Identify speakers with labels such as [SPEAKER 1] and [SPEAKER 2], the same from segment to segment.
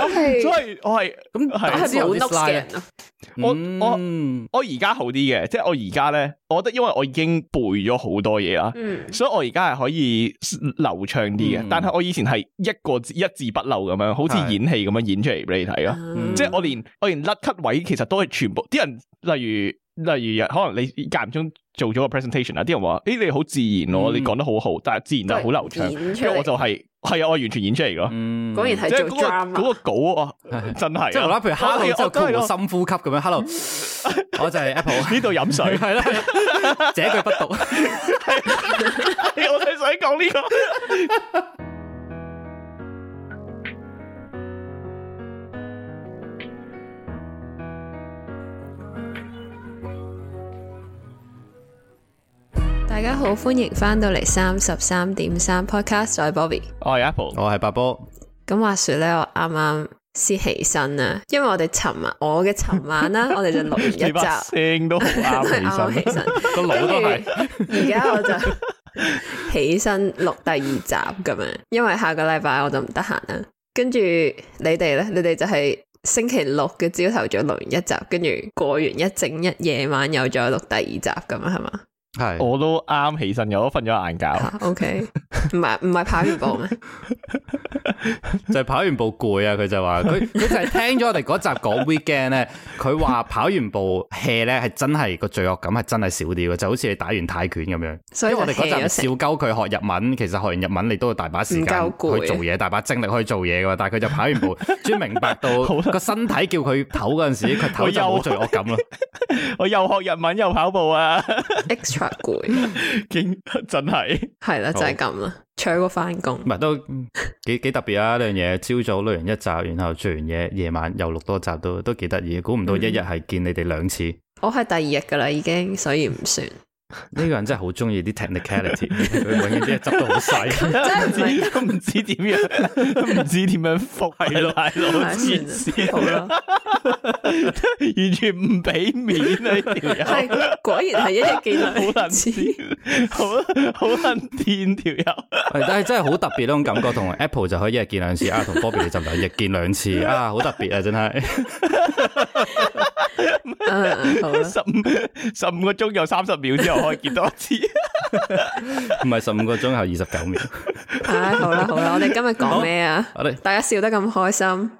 [SPEAKER 1] 我係，所以我係咁，開始好叻嘅。我我我而家好啲嘅，即係我而家咧，我覺得因為我已經背咗好多嘢啦，嗯、所以我而家係可以流暢啲嘅。但係我以前係一個字一字不漏咁樣，好似演戲咁樣演出嚟俾你睇咯。是 嗯、即係我連我連甩咳位，其實都係全部啲人，例如。例如，可能你間唔中做咗個 presentation 啦，啲人話，誒，你好自然咯，你講得好好，但係自然就好流暢。跟我就係係啊，我完全演出嚟㗎。嗯，果然
[SPEAKER 2] 係
[SPEAKER 3] 做
[SPEAKER 1] 嗰個稿啊，真係。即係我譬如 hello 就叫我深
[SPEAKER 3] 呼吸咁樣，hello，
[SPEAKER 1] 我就係 apple 呢度飲水，係啦，這句不讀。
[SPEAKER 4] 我係想講呢個。
[SPEAKER 2] 大家好，歡迎翻到嚟三十三點三 podcast。我係 Bobby，
[SPEAKER 3] 我係 Apple，我係八波。
[SPEAKER 2] 咁話說咧，我啱啱先起身啊，因為我哋尋晚我嘅尋晚啦，我哋就錄完
[SPEAKER 1] 一集，聲都好啱起身，個腦 都係。而家 我就
[SPEAKER 2] 起身錄第二集咁樣，因為下個禮拜我就唔得閒啦。跟住你哋咧，你哋就係星期六嘅朝頭早錄完一集，跟住過完一整一夜晚又再錄第二集咁樣，係嘛？
[SPEAKER 1] 係是，我都啱起身嘅，我都瞓咗晏覺。
[SPEAKER 3] O K，唔
[SPEAKER 2] 係唔係跑完步咩？
[SPEAKER 3] 就係跑完步攰啊！佢就話，佢佢就係聽咗我哋嗰集講 weekend 咧，佢 話跑完步 hea 咧係真係個 罪惡感係真係少啲嘅，就好似你打完泰拳咁樣。所以我哋嗰集笑鳩佢學日文，其實學完日文你都有大把時間去做嘢，大把精力去做嘢嘅。但係佢就跑完步，專 明白到個身體叫佢唞嗰陣時，佢唞就冇罪惡感咯。 我又
[SPEAKER 1] 學日文又跑步啊！ 發攰， 真係
[SPEAKER 2] 係啦，就係咁啦，搶好過翻工，
[SPEAKER 3] 唔係都幾幾特別啊呢樣嘢。朝早錄完一集，然後做完嘢，夜晚又錄多集，都都幾得意，估唔到一日係見你哋兩次，嗯、
[SPEAKER 2] 我係第二日噶啦，已經，所以唔算。
[SPEAKER 3] 呢個人真係好中意啲 technicality，佢永遠啲嘢執到好
[SPEAKER 4] 細，真係
[SPEAKER 1] 唔知點樣，唔知點樣服，係咯係咯，算啦，好啦，完全唔俾面啊條友，係果然係一日見
[SPEAKER 4] 兩次， 好好難
[SPEAKER 1] 見條友，
[SPEAKER 3] 係但係真係好特別呢種感覺，同 Apple 就可以一日見兩次啊，同 Bobby 就兩日見兩次啊，好特別啊真係。十五十五個鐘又三十
[SPEAKER 1] 秒之後可以見多一次，
[SPEAKER 3] 唔係十五個鐘頭二十九秒。
[SPEAKER 2] 唉、 哎，好啦好啦，我哋今日講咩啊？大家笑得咁開心。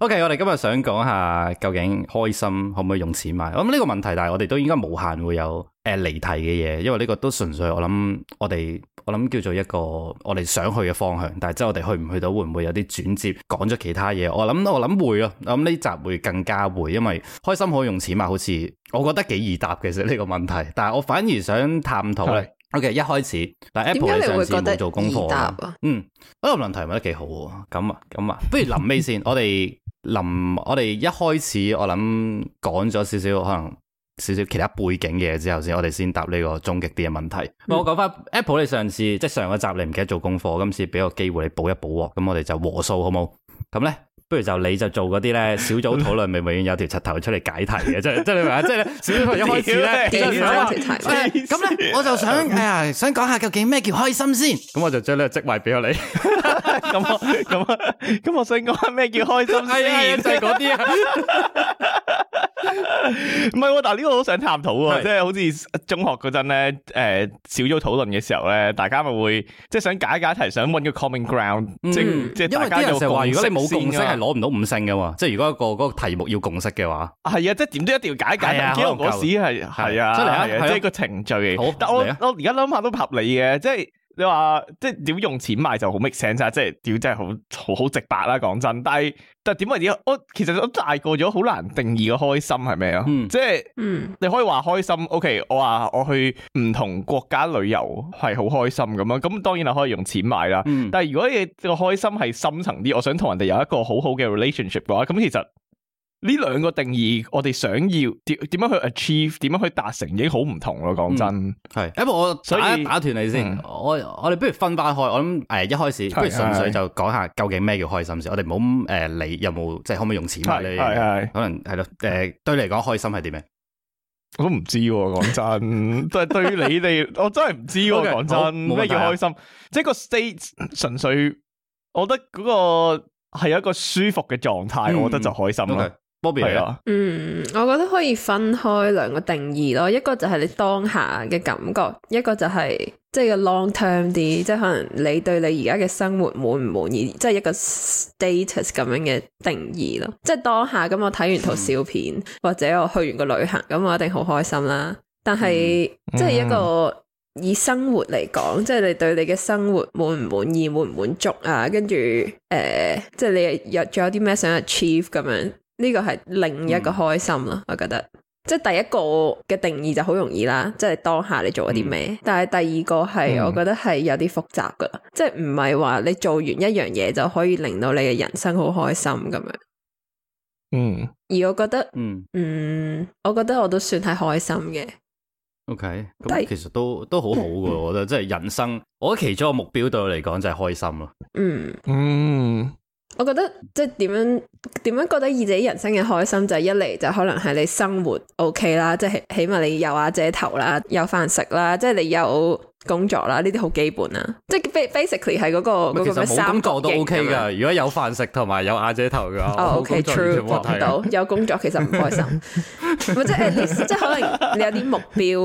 [SPEAKER 3] O、okay, K，我哋今日想講下究竟開心可唔可以用錢買？咁呢個問題，但係我哋都應該無限會有誒、啊、離題嘅嘢，因為呢個都純粹我諗，我哋我諗叫做一個我哋想去嘅方向，但係即係我哋去唔去到，會唔會有啲轉接講咗其他嘢？我諗我諗會啊，我諗呢集會更加會，因為開心可以用錢買，好似我覺得幾易答其實呢個問題，但係我反而想探討。O.K. 一開始，但 Apple 你上次冇做功課啊？答嗯，嗰個問題問得幾好喎。咁啊咁啊，不如臨尾先， 我哋臨我哋一開始我諗講咗少少，可能少少其他背景嘅嘢之後先，我哋先答呢個終極啲嘅問題。嗯、我講翻 Apple 你上次即係上個集你唔記得做功課，今次俾個機會你補一補喎。咁我哋就和數好冇？咁咧。不如就你就做嗰啲咧小組討論，咪永遠有條柒頭出嚟解題嘅，即係即係你明唔明啊？即係咧小組一開始咧，咁咧我就想，哎呀，想講下究竟咩叫開心先。咁我就將呢個職位俾咗你。
[SPEAKER 1] 咁我咁啊，咁我想講下咩叫開心先。就係嗰啲。唔係，但係呢個好想探討喎，即係好似中學嗰陣咧，誒小組討論嘅時候咧，大家咪會即係想解解題，想搵個 common ground，即係即係。因為有啲嘅話，如果你冇共識係攞
[SPEAKER 3] 唔到五星噶嘛，即係如果一個嗰個題目要共識嘅話，
[SPEAKER 1] 係啊，即係點都一定要解解啊，幾毫嗰時係，
[SPEAKER 3] 係啊，即係個程序嚟。係我我而家諗下都合理嘅，
[SPEAKER 1] 即係。你話即係點用錢買就好 make sense 啊！即係屌，真係好好好直白啦，講真。但係但點解而家我其實都大個咗好難定義個開心係咩啊？即係你可以話開心。OK，我話我去唔同國家旅遊係好開心咁啊！咁當然係可以用錢買啦。嗯、但係如果你個開心係深層啲，我想同人哋有一個好好嘅 relationship 嘅話，咁其實。呢兩個定義，我哋想要點點樣去 achieve，點樣去達成已經好唔同咯。講真，係，因
[SPEAKER 3] 為我打打斷你先，我我哋不如分翻開。我諗誒，一開始不如純粹就講下究竟咩叫開心先。我哋唔好誒你有冇，即係可唔可以用錢埋你？可能係咯。誒，對你嚟講開心係點咩？我都唔知，講真，
[SPEAKER 1] 但係對於你哋，我真係唔知。講真，咩叫開心？即係個 state 純粹，我覺得嗰個係一個舒服嘅狀態，我覺得就開心啦。係啊，Bobby 是的
[SPEAKER 4] 嗯，
[SPEAKER 2] 我覺得可以分開兩個定義咯。一個就係你當下嘅感覺，一個就係即係個 long term 啲，即係可能你對你而家嘅生活滿唔滿意，即係一個 status 咁樣嘅定義咯。即係當下咁、嗯，我睇完套笑片、嗯、或者我去完個旅行，咁我一定好開心啦。但係、嗯、即係一個、嗯、以生活嚟講，即係你對你嘅生活滿唔滿意，滿唔滿足啊？跟住誒，即係你又仲有啲咩想 achieve 咁樣？呢個係另一個開心啦，嗯、我覺得，即係第一個嘅定義就好容易啦，即係當下你做咗啲咩？嗯、但係第二個係，嗯、我覺得係有啲複雜噶，即係唔係話你做完一樣嘢就可以令到你嘅人生好開心咁樣。嗯，而我覺得，嗯嗯，我覺得我都算係開心嘅。
[SPEAKER 3] OK，咁其實都都好好噶，我覺得，即係人生，我其中一個目標對我嚟講就係開心咯、
[SPEAKER 4] 嗯。嗯嗯。
[SPEAKER 2] 我覺得即係點樣點樣覺得以自己人生嘅開心就係，一嚟就可能係你生活 OK 啦，即係起碼你有阿姐頭啦，有飯食啦，即係你有工作啦，呢啲好基本啊。即係 basically 係嗰個嗰、嗰個嘅三角形。其實冇工作
[SPEAKER 3] 都 OK 噶，如果有飯食同埋有阿姐頭嘅話。哦、oh,，OK，true，okay ,錯聽到 有
[SPEAKER 2] 工作其實唔開心，或者 即係可能你有啲目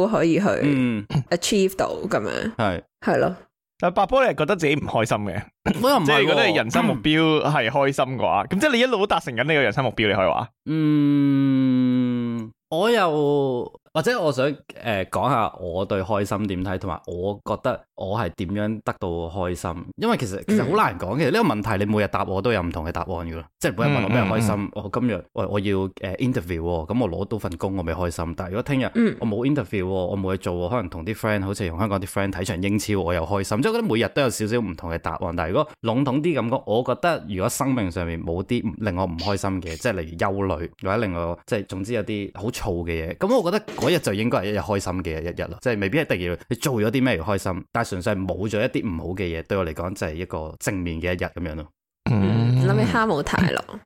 [SPEAKER 2] 標可以去 achieve 到咁、嗯、樣，係係咯。的但八波你係覺得自己唔開心嘅，
[SPEAKER 1] 即係覺得你人生目標係開心嘅話，咁 即係你一路都達成緊呢個人生目標，你可以話。
[SPEAKER 3] 嗯，我又。或者我想誒、呃、講下我對開心點睇，同埋我覺得我係點樣得到開心？因為其實其實好難講，其實呢個問題你每日答我都有唔同嘅答案㗎。即係每日問我咩開心？嗯嗯嗯我今日我我要誒、呃、interview，咁、哦、我攞到份工我咪開心。但係如果聽日我冇 interview、哦、我冇去做，可能同啲 friend 好似同香港啲 friend 睇場英超，我又開心。即係我覺得每日都有少少唔同嘅答案。但係如果籠統啲咁講，我覺得如果生命上面冇啲令我唔開心嘅，即係例如憂慮或者令我即係總之有啲好燥嘅嘢，咁我覺得。嗰日就應該係一日開心嘅一日咯，即係未必一定要你做咗啲咩開心，但係純粹係冇咗一啲唔好嘅嘢，對我嚟講就係一個正面嘅一日咁樣咯。
[SPEAKER 2] 諗起、嗯、哈姆太郎，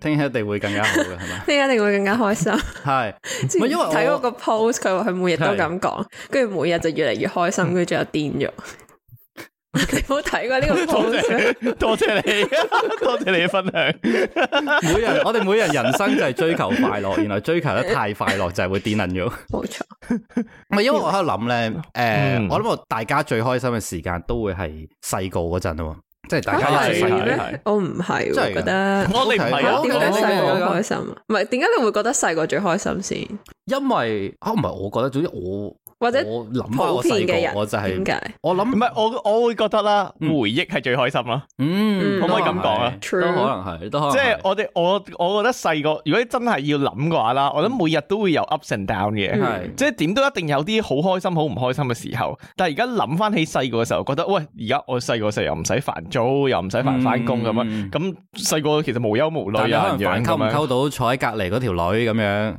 [SPEAKER 3] 聽日 一定會更加好嘅
[SPEAKER 2] 係嘛？聽日 一定會更加開心。
[SPEAKER 3] 係，因為睇我個
[SPEAKER 2] post，佢話佢每日都咁講，跟住是每日就越嚟越開心，跟住 又癲咗。 你冇睇過呢個故事 ？
[SPEAKER 3] 多謝你，多謝你嘅分享。 每人，我哋每日人,人生就係追求快樂， 原來追求得太快樂就係會癲捻咗。冇錯，唔係因為我喺度諗咧，誒、 嗯呃，我諗大家最開心嘅時間都會係細個嗰陣啊嘛！即係大家一齊。
[SPEAKER 2] 我唔係，真係覺得。我哋唔係咯？點解細個開心？唔係點解你會覺得細個最開心先？因
[SPEAKER 3] 為啊，唔係我覺得，總之我。或者我諗我細
[SPEAKER 2] 個，我就係點解
[SPEAKER 1] 我諗唔係我我會覺得啦，
[SPEAKER 3] 回憶係最開心啦。嗯，可唔可以咁講啊？都可能係，
[SPEAKER 1] 都即係我哋我我覺得細個，如果真係要諗嘅話啦，我諗每日都會有 ups and down 嘅，即係點都一定有啲好開心、好唔開心嘅時候。但係而家諗翻起細個嘅時候，覺得喂，而家我細個時候又唔使煩租，又唔使煩翻工咁樣，咁細個
[SPEAKER 3] 其實無憂無慮啊，有人養溝唔溝到坐喺隔籬嗰條女咁樣，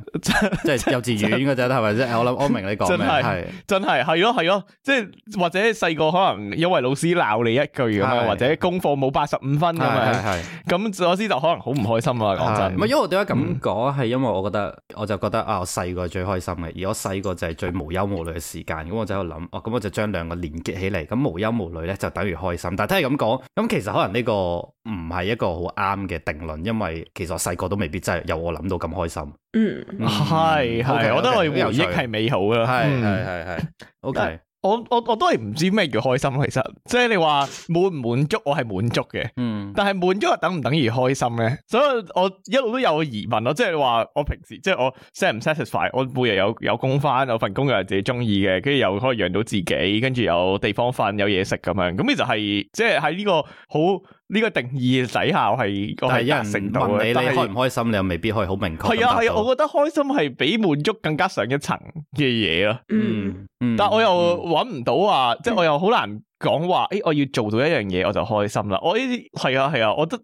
[SPEAKER 3] 即係幼稚園嘅啫，係咪先？我諗我明你講。係，
[SPEAKER 1] 是真係係咯係咯，即係或者細個可能因為老師鬧你一句咁啊，是或者功課冇八十五分咁啊，咁老師
[SPEAKER 3] 就可能好唔開心啊。講真，唔係因為我點解咁講，係、嗯、因為我覺得我就覺得啊，我細個最開心嘅，而我細個就係最無憂無慮嘅時間。咁、嗯、我就喺度諗，哦、啊、咁我就將兩個連結起嚟，咁無憂無慮咧就等於開心。但係聽你咁講，咁其實可能呢個唔係一個好啱嘅定論，因為其實我細個都未必真係有我諗到咁開心。
[SPEAKER 4] 嗯，係係，我覺得我哋回憶係
[SPEAKER 3] 美好嘅。係係係係，O K，我我我都係唔知咩叫開
[SPEAKER 1] 心，其實，即係你話滿唔滿足，我滿足，我係滿足嘅。嗯，但係滿足又等唔等於開心咧？所以我一路都有個疑問咯，即係你話我平時即係、就是、我 satisfy，我每日有有工返，有份工又係自己中意嘅，跟住又可以養到自己，跟住有地方瞓，有嘢食咁樣，咁你就係即係喺呢個好。呢個定義底下係個人程度啊，但係問你你開唔
[SPEAKER 3] 開心，是你又未必可以好明確。係啊係啊，我
[SPEAKER 1] 覺得開心係比滿足更加上一層嘅嘢咯。嗯嗯，但係我又揾唔到啊，嗯、即係我又好難講話。誒、欸，我要做到一樣嘢我就開心啦。我呢啲係啊係啊，我覺得。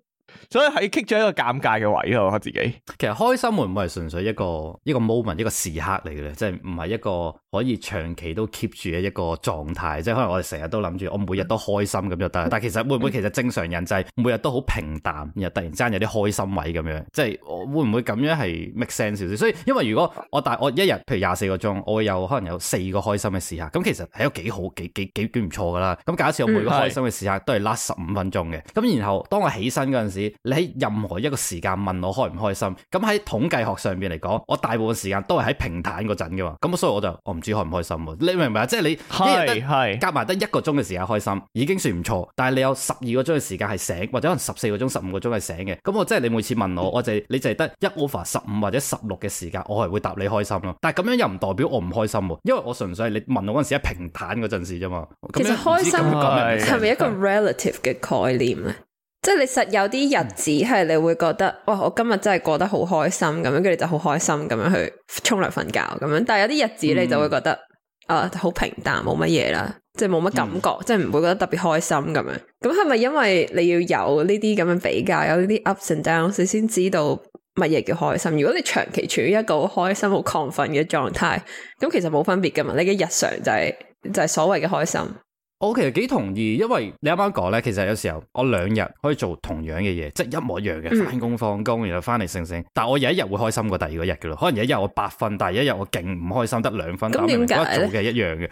[SPEAKER 1] 所以係 k
[SPEAKER 3] 咗一個尷尬嘅位咯，我自己。其實開心會唔會係純粹一個一個 moment 一個時刻嚟嘅咧，即係唔係一個可以長期都 keep 住嘅一個狀態。即係可能我哋成日都諗住我每日都開心咁就得，但係其實會唔會其實正常人就係每日都好平淡，然後突然間有啲開心位咁樣，即係會唔會咁樣係 make sense 少少？所以因為如果我但我一日譬如廿四個鐘，我會有可能有四個開心嘅時刻，咁其實係一個幾好幾幾幾唔錯噶啦。咁假設我每個開心嘅時刻都係 last 十五分鐘嘅，咁然後當我起身嗰陣時。你喺任何一個時間問我開唔開心？咁喺統計學上邊嚟講，我大部分時間都係喺平坦嗰陣嘅嘛。咁所以我就我唔知開唔開心啊。你明唔明啊？即係你係係夾埋得一個鐘嘅時間開心，已經算唔錯。但係你有十二個鐘嘅時間係醒，或者可能十四個鐘、十五個鐘係醒嘅。咁我即係你每次問我，我就係你就係得一 over 十五或者十六嘅時間，我係會答你開心咯。但係咁樣又唔代表我唔開心，因為我純粹係你問我嗰陣時喺平坦嗰陣時啫嘛。其實開心係咪是一個
[SPEAKER 2] relative 嘅概念咧？ 即係你實有啲日子係你會覺得，哇！我今日真係過得好開心咁樣，跟住就好開心咁樣去沖涼瞓覺咁樣。但係有啲日子你就會覺得，啊、嗯，好、呃、平淡，冇乜嘢啦，即係冇乜感覺，嗯、即係唔會覺得特別開心咁樣。咁係咪因為你要有呢啲咁樣比較，有呢啲 ups and downs，你先知道乜嘢叫開心？如果你長期處於一個好開心、好亢奮嘅狀態，咁其實冇分別噶嘛。你嘅日常就係、是、就係、是、所謂嘅開心。我其實幾
[SPEAKER 3] 同意，因為你啱啱講咧，其實有時候我兩日可以做同樣嘅嘢，即係一模一樣嘅翻工放工，然後翻嚟醒醒。但係我有一日會開心過第二嗰日嘅咯。可能有一日我八分，但係一日我勁唔開心，得兩分。咁點解？做嘅一樣嘅，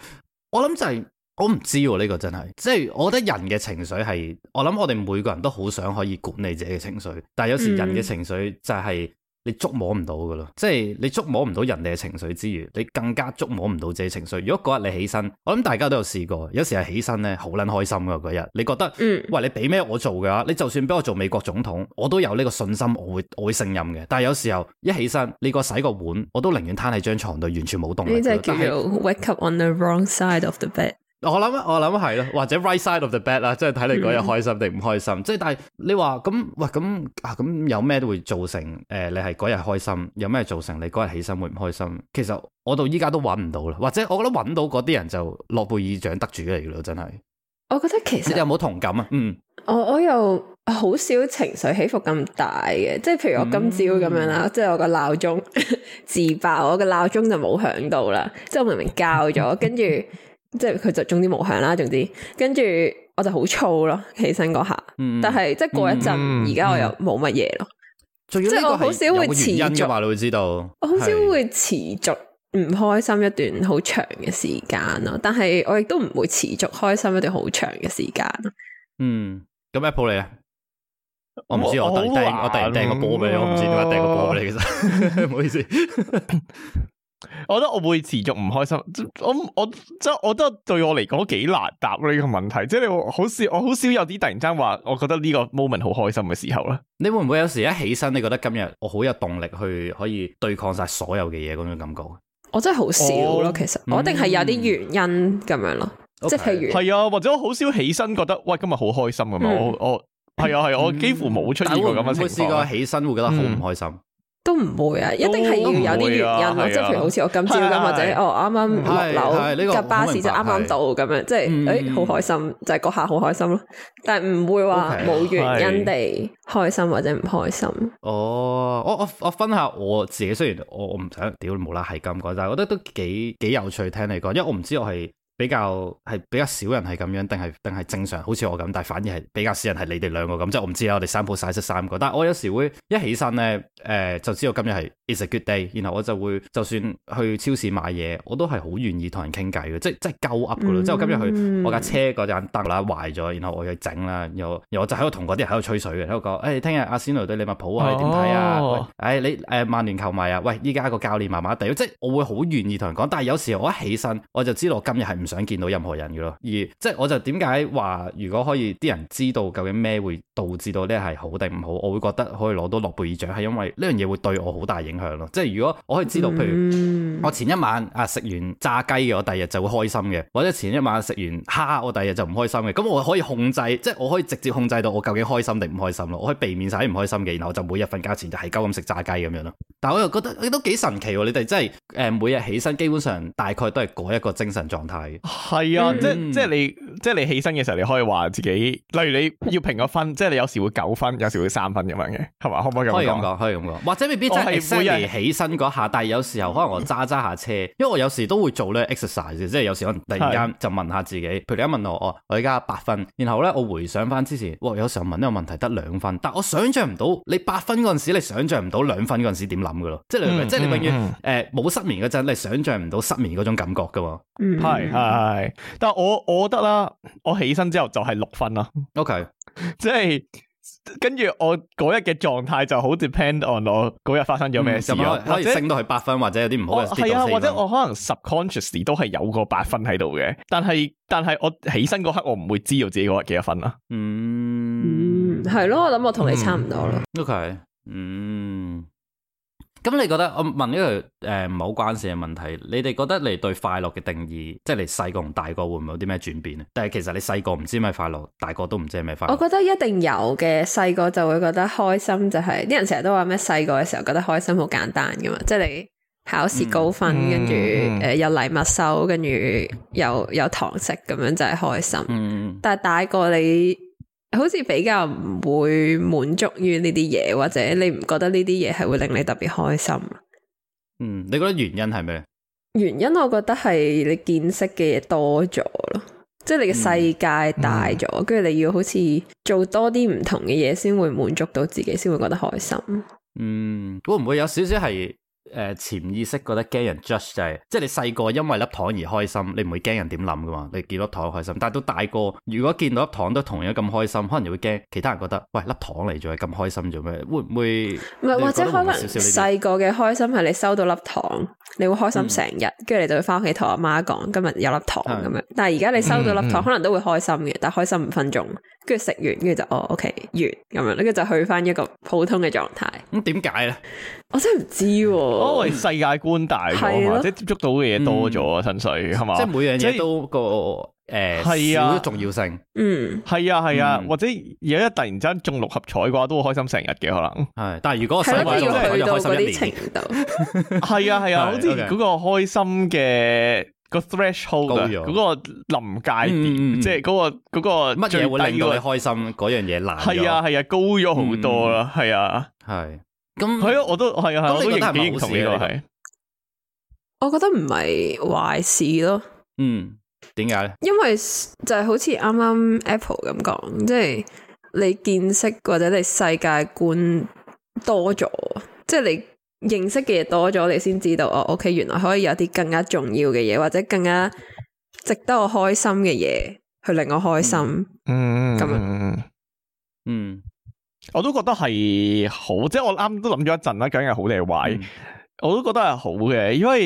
[SPEAKER 3] 我諗就係我唔知喎，呢個真係。即係我覺得人嘅情緒係，我諗我哋每個人都好想可以管理自己嘅情緒，但係有時人嘅情緒就係。嗯你觸摸唔到噶咯，即係你觸摸唔到人哋嘅情緒之餘，你更加觸摸唔到自己情緒。如果嗰日你起身，我諗大家都有試過，有時係起身咧好捻開心噶嗰日，你覺得，嗯，喂，你俾咩我做嘅，你就算俾我做美國總統，我都有呢個信心，我會我會勝任嘅。但係有時候一起身，你個洗個碗，我都寧願攤喺張床度，完全冇動力。呢隻叫做
[SPEAKER 2] wake up on the wrong side of the bed。
[SPEAKER 3] 我諗，我諗係咯，或者 right side of the bed 啦，即係睇你嗰日開心定唔開心。嗯、即係但係你話咁，喂咁啊咁有咩都會造成誒你係嗰日開心，有咩造成你嗰日起身會唔開心？其實我到依家都揾唔到啦，或者我覺得揾到嗰啲人就諾貝爾獎得主嚟嘅咯，真係。
[SPEAKER 2] 我覺得
[SPEAKER 3] 其實你有冇同感啊？嗯，
[SPEAKER 2] 我我又好少情緒起伏咁大嘅，即係譬如我今朝咁樣啦，嗯， 即係我個鬧鐘自爆，我個鬧鐘就冇響到啦，即係我明明教咗，跟住。即係佢就中啲冇響啦，總之，跟住我就好燥咯，起身嗰下，嗯、但係即係過一陣，而家、嗯嗯、我又冇乜嘢咯。即係我好少會持續嘛，你會
[SPEAKER 3] 知道。我好少
[SPEAKER 2] 會持續唔開心一段好長嘅時間咯，但係我亦都唔會持續開心一段好長嘅時間。嗯，
[SPEAKER 3] 咁 Apple 你啊？
[SPEAKER 2] 我唔知我突然我掟掟個波俾你，我唔知點解掟個波俾你其實
[SPEAKER 3] 唔 好意思。
[SPEAKER 1] 我覺得我會持續唔開心，我我即係，我覺得對我嚟講幾難答呢個問
[SPEAKER 3] 題，即係你好少，我好少有啲突然間話，我覺得呢個 moment 好開心嘅時候啦。你會唔會有時一起身，你覺得今日我好有動力去可以對抗晒所有嘅嘢嗰種感覺？
[SPEAKER 2] 我真係好少咯我，其實我一定係有啲原因咁樣咯，嗯、即係譬如係
[SPEAKER 3] 啊，或者我好
[SPEAKER 1] 少起身覺得，喂今日好開心咁、嗯、啊！我我係啊係，我幾乎冇出現過咁嘅情況。會試
[SPEAKER 3] 過起身會覺得好唔開心。嗯
[SPEAKER 2] 都唔會啊，一定係要有啲原因咯，即係譬如好似我今朝咁，或者哦啱啱落樓搭巴士就啱啱到咁樣，即係誒好開心，就係嗰下好開心咯。但係唔會話冇原因地開心或者唔開心。
[SPEAKER 3] 哦，我我我分下我自己，雖然我我唔想屌冇啦係咁講，但係我覺得都幾幾有趣聽你講，因為我唔知我係。比較係比較少人係咁樣，定係定係正常，好似我咁，但係反而係比較少人係你哋兩個咁，即係我唔知啦。我哋三鋪晒出三個，但係我有時會一起身咧，誒就知道今日係 is a good day，然後我就會就算去超市買嘢，我都係好願意同人傾偈嘅，即係即係鳩噏㗎啦。即係我今日去我架車嗰隻燈啦，壞咗，然後我去整啦，然後我就喺度同嗰啲人喺度吹水嘅，喺度講誒，聽日阿仙奴對利物浦啊你點睇啊？誒你誒曼聯球迷啊？喂，依家個教練麻麻地，即係我會好願意同人講，但係有時我一起身我就知道我今日係唔想見到任何人嘅咯，而即係我就點解話？如果可以啲人知道究竟咩會導致到呢係好定唔好，我會覺得可以攞到諾貝爾獎，係因為呢樣嘢會對我好大影響咯。即係如果我可以知道，譬如我前一晚啊食完炸雞嘅，我第二日就會開心嘅；或者前一晚食完蝦，我第二日就唔開心嘅。咁我可以控制，即係我可以直接控制到我究竟開心定唔開心咯。我可以避免晒啲唔開心嘅，然後我就每日瞓覺前就係鳩咁食炸雞咁樣咯。但係我又覺得你都幾神奇喎！你哋真係誒每日起身基本上大概都係嗰一個精神狀態。係啊，即係
[SPEAKER 1] 即係你即係你起身嘅時候，你可以話自己，例如你要評個分， 即係你有時會九分，有時會三分咁樣嘅，係
[SPEAKER 3] 嘛？可唔可以咁講？可以咁講，或者未必真係 e 起身嗰下，但係有時候可能我揸揸下車，因為我有時都會做咧 exercise，即係有時可能突然間就問下自己，是譬如你一問我，哦、我而家八分，然後咧我回想翻之前，哇、哦，有時候問呢個問題得兩分，但我想象唔到你八分嗰陣時，你想象唔到兩分嗰陣時點諗噶咯？即係你明唔明？、mm hmm. 即係你永遠誒冇失眠嗰陣，你想象唔到失眠嗰種感覺噶，係、mm。Hmm. Mm hmm. 係，但係我我覺得啦，我起
[SPEAKER 1] 身之後就係六分啦。OK，即係跟住我嗰日嘅狀態就好 depend on 我嗰日發生咗咩事，可以升到去八分，我或者有啲唔好。我係啊，或者我可能 subconscious 都係有個八分喺度嘅。但係但係我起身嗰刻，我唔
[SPEAKER 3] 會知道自己嗰日幾多分啦。
[SPEAKER 2] 嗯，係咯，嗯，我諗我同你差唔多啦。OK，嗯。
[SPEAKER 3] Okay, 嗯咁你覺得我問呢個誒唔係好、呃、關事嘅問題，你哋覺得你對快樂嘅定義，即係你細個同大個會唔會有啲咩轉變咧？但係其實你細個唔知咩快樂，大個都唔知咩快樂。我覺得
[SPEAKER 2] 一定有嘅，細個就會覺得開心、就是，就係啲人成日都話咩細個嘅時候覺得開心好簡單噶嘛，即係你考試高分跟住誒有禮物收，跟住有有糖食咁樣就係、是、開心。嗯、但係大個你。好似比較唔會滿足於呢啲嘢，或者你唔覺得呢啲嘢係會令你特別開心？嗯，
[SPEAKER 3] 你覺得原因係咩？
[SPEAKER 2] 原因我覺得係你見識嘅嘢多咗咯，即係你嘅世界大咗，跟住、嗯、你要好似做多啲唔同嘅嘢，先會滿足到自己，先會覺得開心。
[SPEAKER 3] 嗯，會唔會有少少係？誒、呃、潛意識覺得驚人 judge 就係、是，即係你細個因為粒糖而開心，你唔會驚人點諗噶嘛？你見到粒糖開心，但係都大個，如果見到粒糖都同樣咁開心，可能就會驚其他人覺得，喂，粒糖嚟咗，咁開心做咩？會唔會？唔係或者可能細
[SPEAKER 2] 個嘅開心係你收到粒糖，你會開心成日，跟住、嗯、你就會翻屋企同阿媽講，今日有粒糖咁、嗯、樣。但係而家你收到粒糖，嗯、可能都會開心嘅，但係開心五分鐘。跟住食完，跟住就哦，OK 完咁樣，呢個就去翻一個普通嘅狀態。咁
[SPEAKER 1] 點解咧？我真係唔知。哦，世界觀大咗嘛，即係接觸到嘅嘢多咗，純粹係嘛，即係每樣嘢都
[SPEAKER 3] 個誒係啊，重要性嗯
[SPEAKER 1] 係啊係啊，或者而家突然間中六合彩嘅話，都會開心成日嘅可能。係，但係如果我失敗咗，佢就開心一
[SPEAKER 4] 年。係啊係啊，好似嗰
[SPEAKER 1] 個開心嘅。個 threshold，嗰個臨界點，即係嗰
[SPEAKER 3] 個個乜嘢會令到你開心，嗰樣嘢難係啊係啊，高咗好多啦，係啊係，咁係啊，我都係啊，我都幾認同呢個係。
[SPEAKER 2] 我覺得唔係壞事咯，嗯，
[SPEAKER 3] 點解咧？
[SPEAKER 2] 因為就係好似啱啱 Apple 咁講，即係你見識或者你世界觀多咗，即係你。認識嘅嘢多咗，你先知道我屋企原來可以有啲更加重要嘅嘢，或者更加值得我開心嘅嘢，去令我開心。嗯，咁樣，嗯，嗯，
[SPEAKER 1] 我都覺得係好，即係我啱都諗咗一陣啦。究竟係好定係壞？嗯，我都覺得係好嘅，因為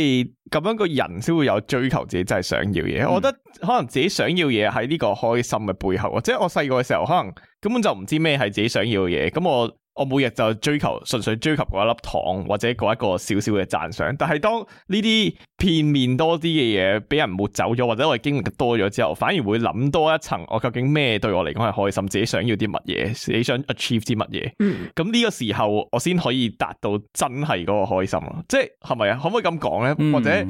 [SPEAKER 1] 咁樣個人先會有追求自己真係想要嘢。嗯，我覺得可能自己想要嘢喺呢個開心嘅背後啊，即係我細個嘅時候，可能根本就唔知咩係自己想要嘅嘢。咁我。我每日就追求純粹追求嗰一粒糖或者嗰一個小小嘅讚賞，但係當呢啲片面多啲嘅嘢俾人抹走咗，或者我經歷多咗之後，反而會諗多一層，我究竟咩對我嚟講係開心，自己想要啲乜嘢，自己想 achieve 啲乜嘢？咁呢、嗯、個時候我先可以達到真係嗰個開心咯，即係係咪啊？可唔可以咁講咧？嗯、或者？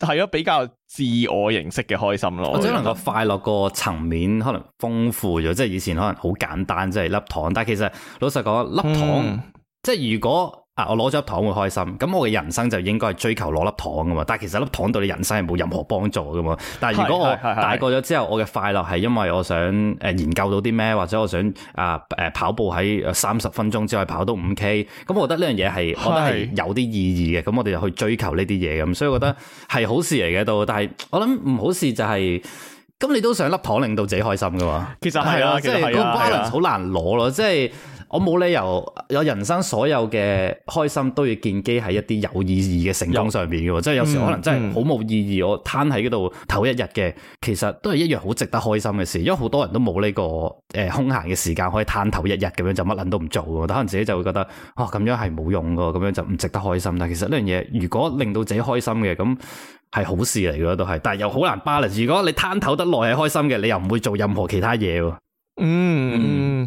[SPEAKER 3] 係咯，比較自我形式嘅開心咯，或者覺能夠快樂個層面可能豐富咗，即係以前可能好簡單，即係粒糖。但係其實老實講，粒糖、嗯、即係如果。啊！我攞咗粒糖會開心，咁我嘅人生就應該係追求攞粒糖噶嘛。但係其實粒糖對你人生係冇任何幫助噶嘛。但係如果我大個咗之後，我嘅快樂係因為我想誒研究到啲咩，或者我想啊誒、啊、跑步喺三十分鐘之外跑到五 K，咁我覺得呢樣嘢係，是我覺得係有啲意義嘅。咁我哋就去追求呢啲嘢咁，所以我覺得係好事嚟嘅都。但係我諗唔好事就係、是，咁你都想粒糖令到自己開心噶嘛？其實係啊，啊啊即係是嗰個 balance 好、啊、難攞咯，即係、啊。我冇理由，有人生所有嘅開心都要建基喺一啲有意義嘅成功上面嘅喎，有即係有時可能真係好冇意義，嗯、我攤喺嗰度唞一日嘅，其實都係一樣好值得開心嘅事，因為好多人都冇呢、呢個誒、呃、空閒嘅時間可以攤唞一日咁樣就乜撚都唔做，但可能自己就會覺得哇咁、啊、樣係冇用嘅，咁樣就唔值得開心。但其實呢樣嘢如果令到自己開心嘅，咁係好事嚟嘅都係，但係又好難 balance。如果你攤唞得耐係開心嘅，你又唔會做任何其他嘢喎。
[SPEAKER 4] 嗯，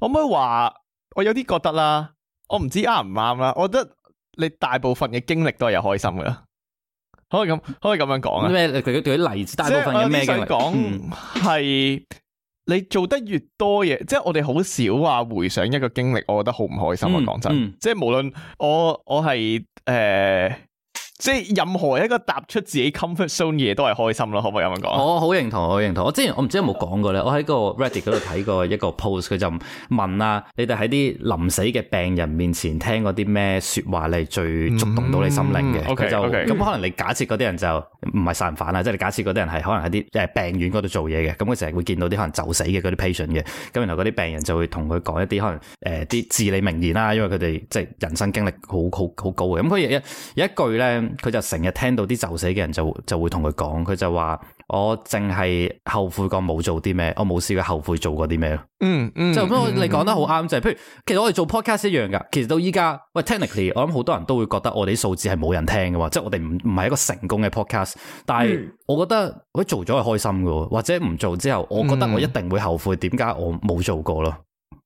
[SPEAKER 1] 可唔、嗯、可以話？我有啲覺得啦，我唔知啱唔啱啦。我覺得你大部分嘅經歷都係有開心噶，可以咁可以咁樣講啊。咩？佢佢啲例子，大部分嘅咩嘅？講係你做得越多嘢，嗯、即係我哋好少話回想一個經歷，我覺得好唔開心、啊。講真、嗯，即係無論我我係誒。呃即係任何一個踏
[SPEAKER 3] 出自己 comfort zone 嘢都係開心咯，可唔可以咁樣講？我好認同，我認同。我之前我唔知有冇講過咧，我喺個 Reddit 嗰度睇過一個 post，佢 就問啊，你哋喺啲臨死嘅病人面前聽過啲咩説話你最觸動到你心靈嘅？佢、嗯、就咁 okay, okay.、嗯、可能你假設嗰啲人就唔係殺人犯啦，即係、嗯、你假設嗰啲人係可能喺啲誒病院嗰度做嘢嘅，咁佢成日會見到啲可能就死嘅嗰啲 patient 嘅，咁然後嗰啲病人就會同佢講一啲可能誒啲至理名言啦，因為佢哋即係人生經歷好好好高嘅。咁佢有一一句咧。佢就成日聽到啲就死嘅人就就會同佢講，佢就話：我淨係後悔過冇做啲咩，我冇試過後悔做過啲咩咯。嗯，
[SPEAKER 4] 就咁你講得好
[SPEAKER 3] 啱，就係、是、譬如其實我哋做 podcast 一樣噶。其實到依家，喂，technically，我諗好多人都會覺得我哋啲數字係冇人聽噶嘛，即、就、係、是、我哋唔唔係一個成功嘅 podcast。但係我覺得佢、嗯、做咗係開心噶，或者唔做之後，我覺得我一定會後悔點解我冇做過咯。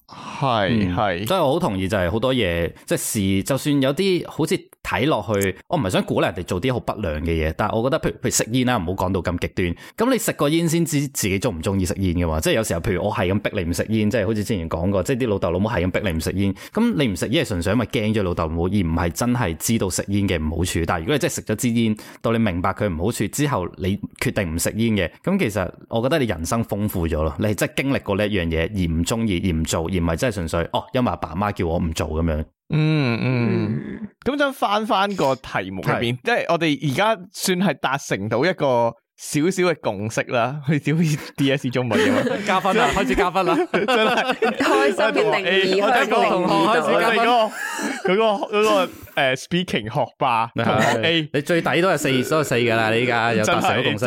[SPEAKER 3] 係係、嗯，所以我好同意就，就係好多嘢即係事，就算有啲好似睇落去，我唔係想鼓勵人哋做啲好不良嘅嘢，但係我覺得譬，譬如食煙啦，唔好講到咁極端。咁你食過煙先知自己中唔中意食煙嘅話，即係有時候，譬如我係咁逼你唔食煙，即係好似之前講過，即係啲老豆老母係咁逼你唔食煙。咁你唔食煙係純粹因為驚咗老豆唔好，而唔係真係知道食煙嘅唔好處。但係如果你真係食咗支煙，到你明白佢唔好處之後，你決定唔食煙嘅，咁其實我覺得你人生豐富咗咯。你係真係經歷過呢一樣嘢，而唔中意，而唔做，而唔係真係純粹哦，因為爸媽叫我唔做咁樣。
[SPEAKER 1] 嗯嗯，咁、嗯、就、嗯、翻翻個題目入邊，是即係我哋而家算係達成到一個少少嘅共識啦，好似 DSE 中文嘅
[SPEAKER 3] 加分啊，開始加分啦，真係開心嘅定義，我第一個同學開始加分，
[SPEAKER 1] 佢嗰個嗰個誒 speaking 學霸，佢學 A，你最底都係四，都係四㗎啦，你而家有達成咗共識，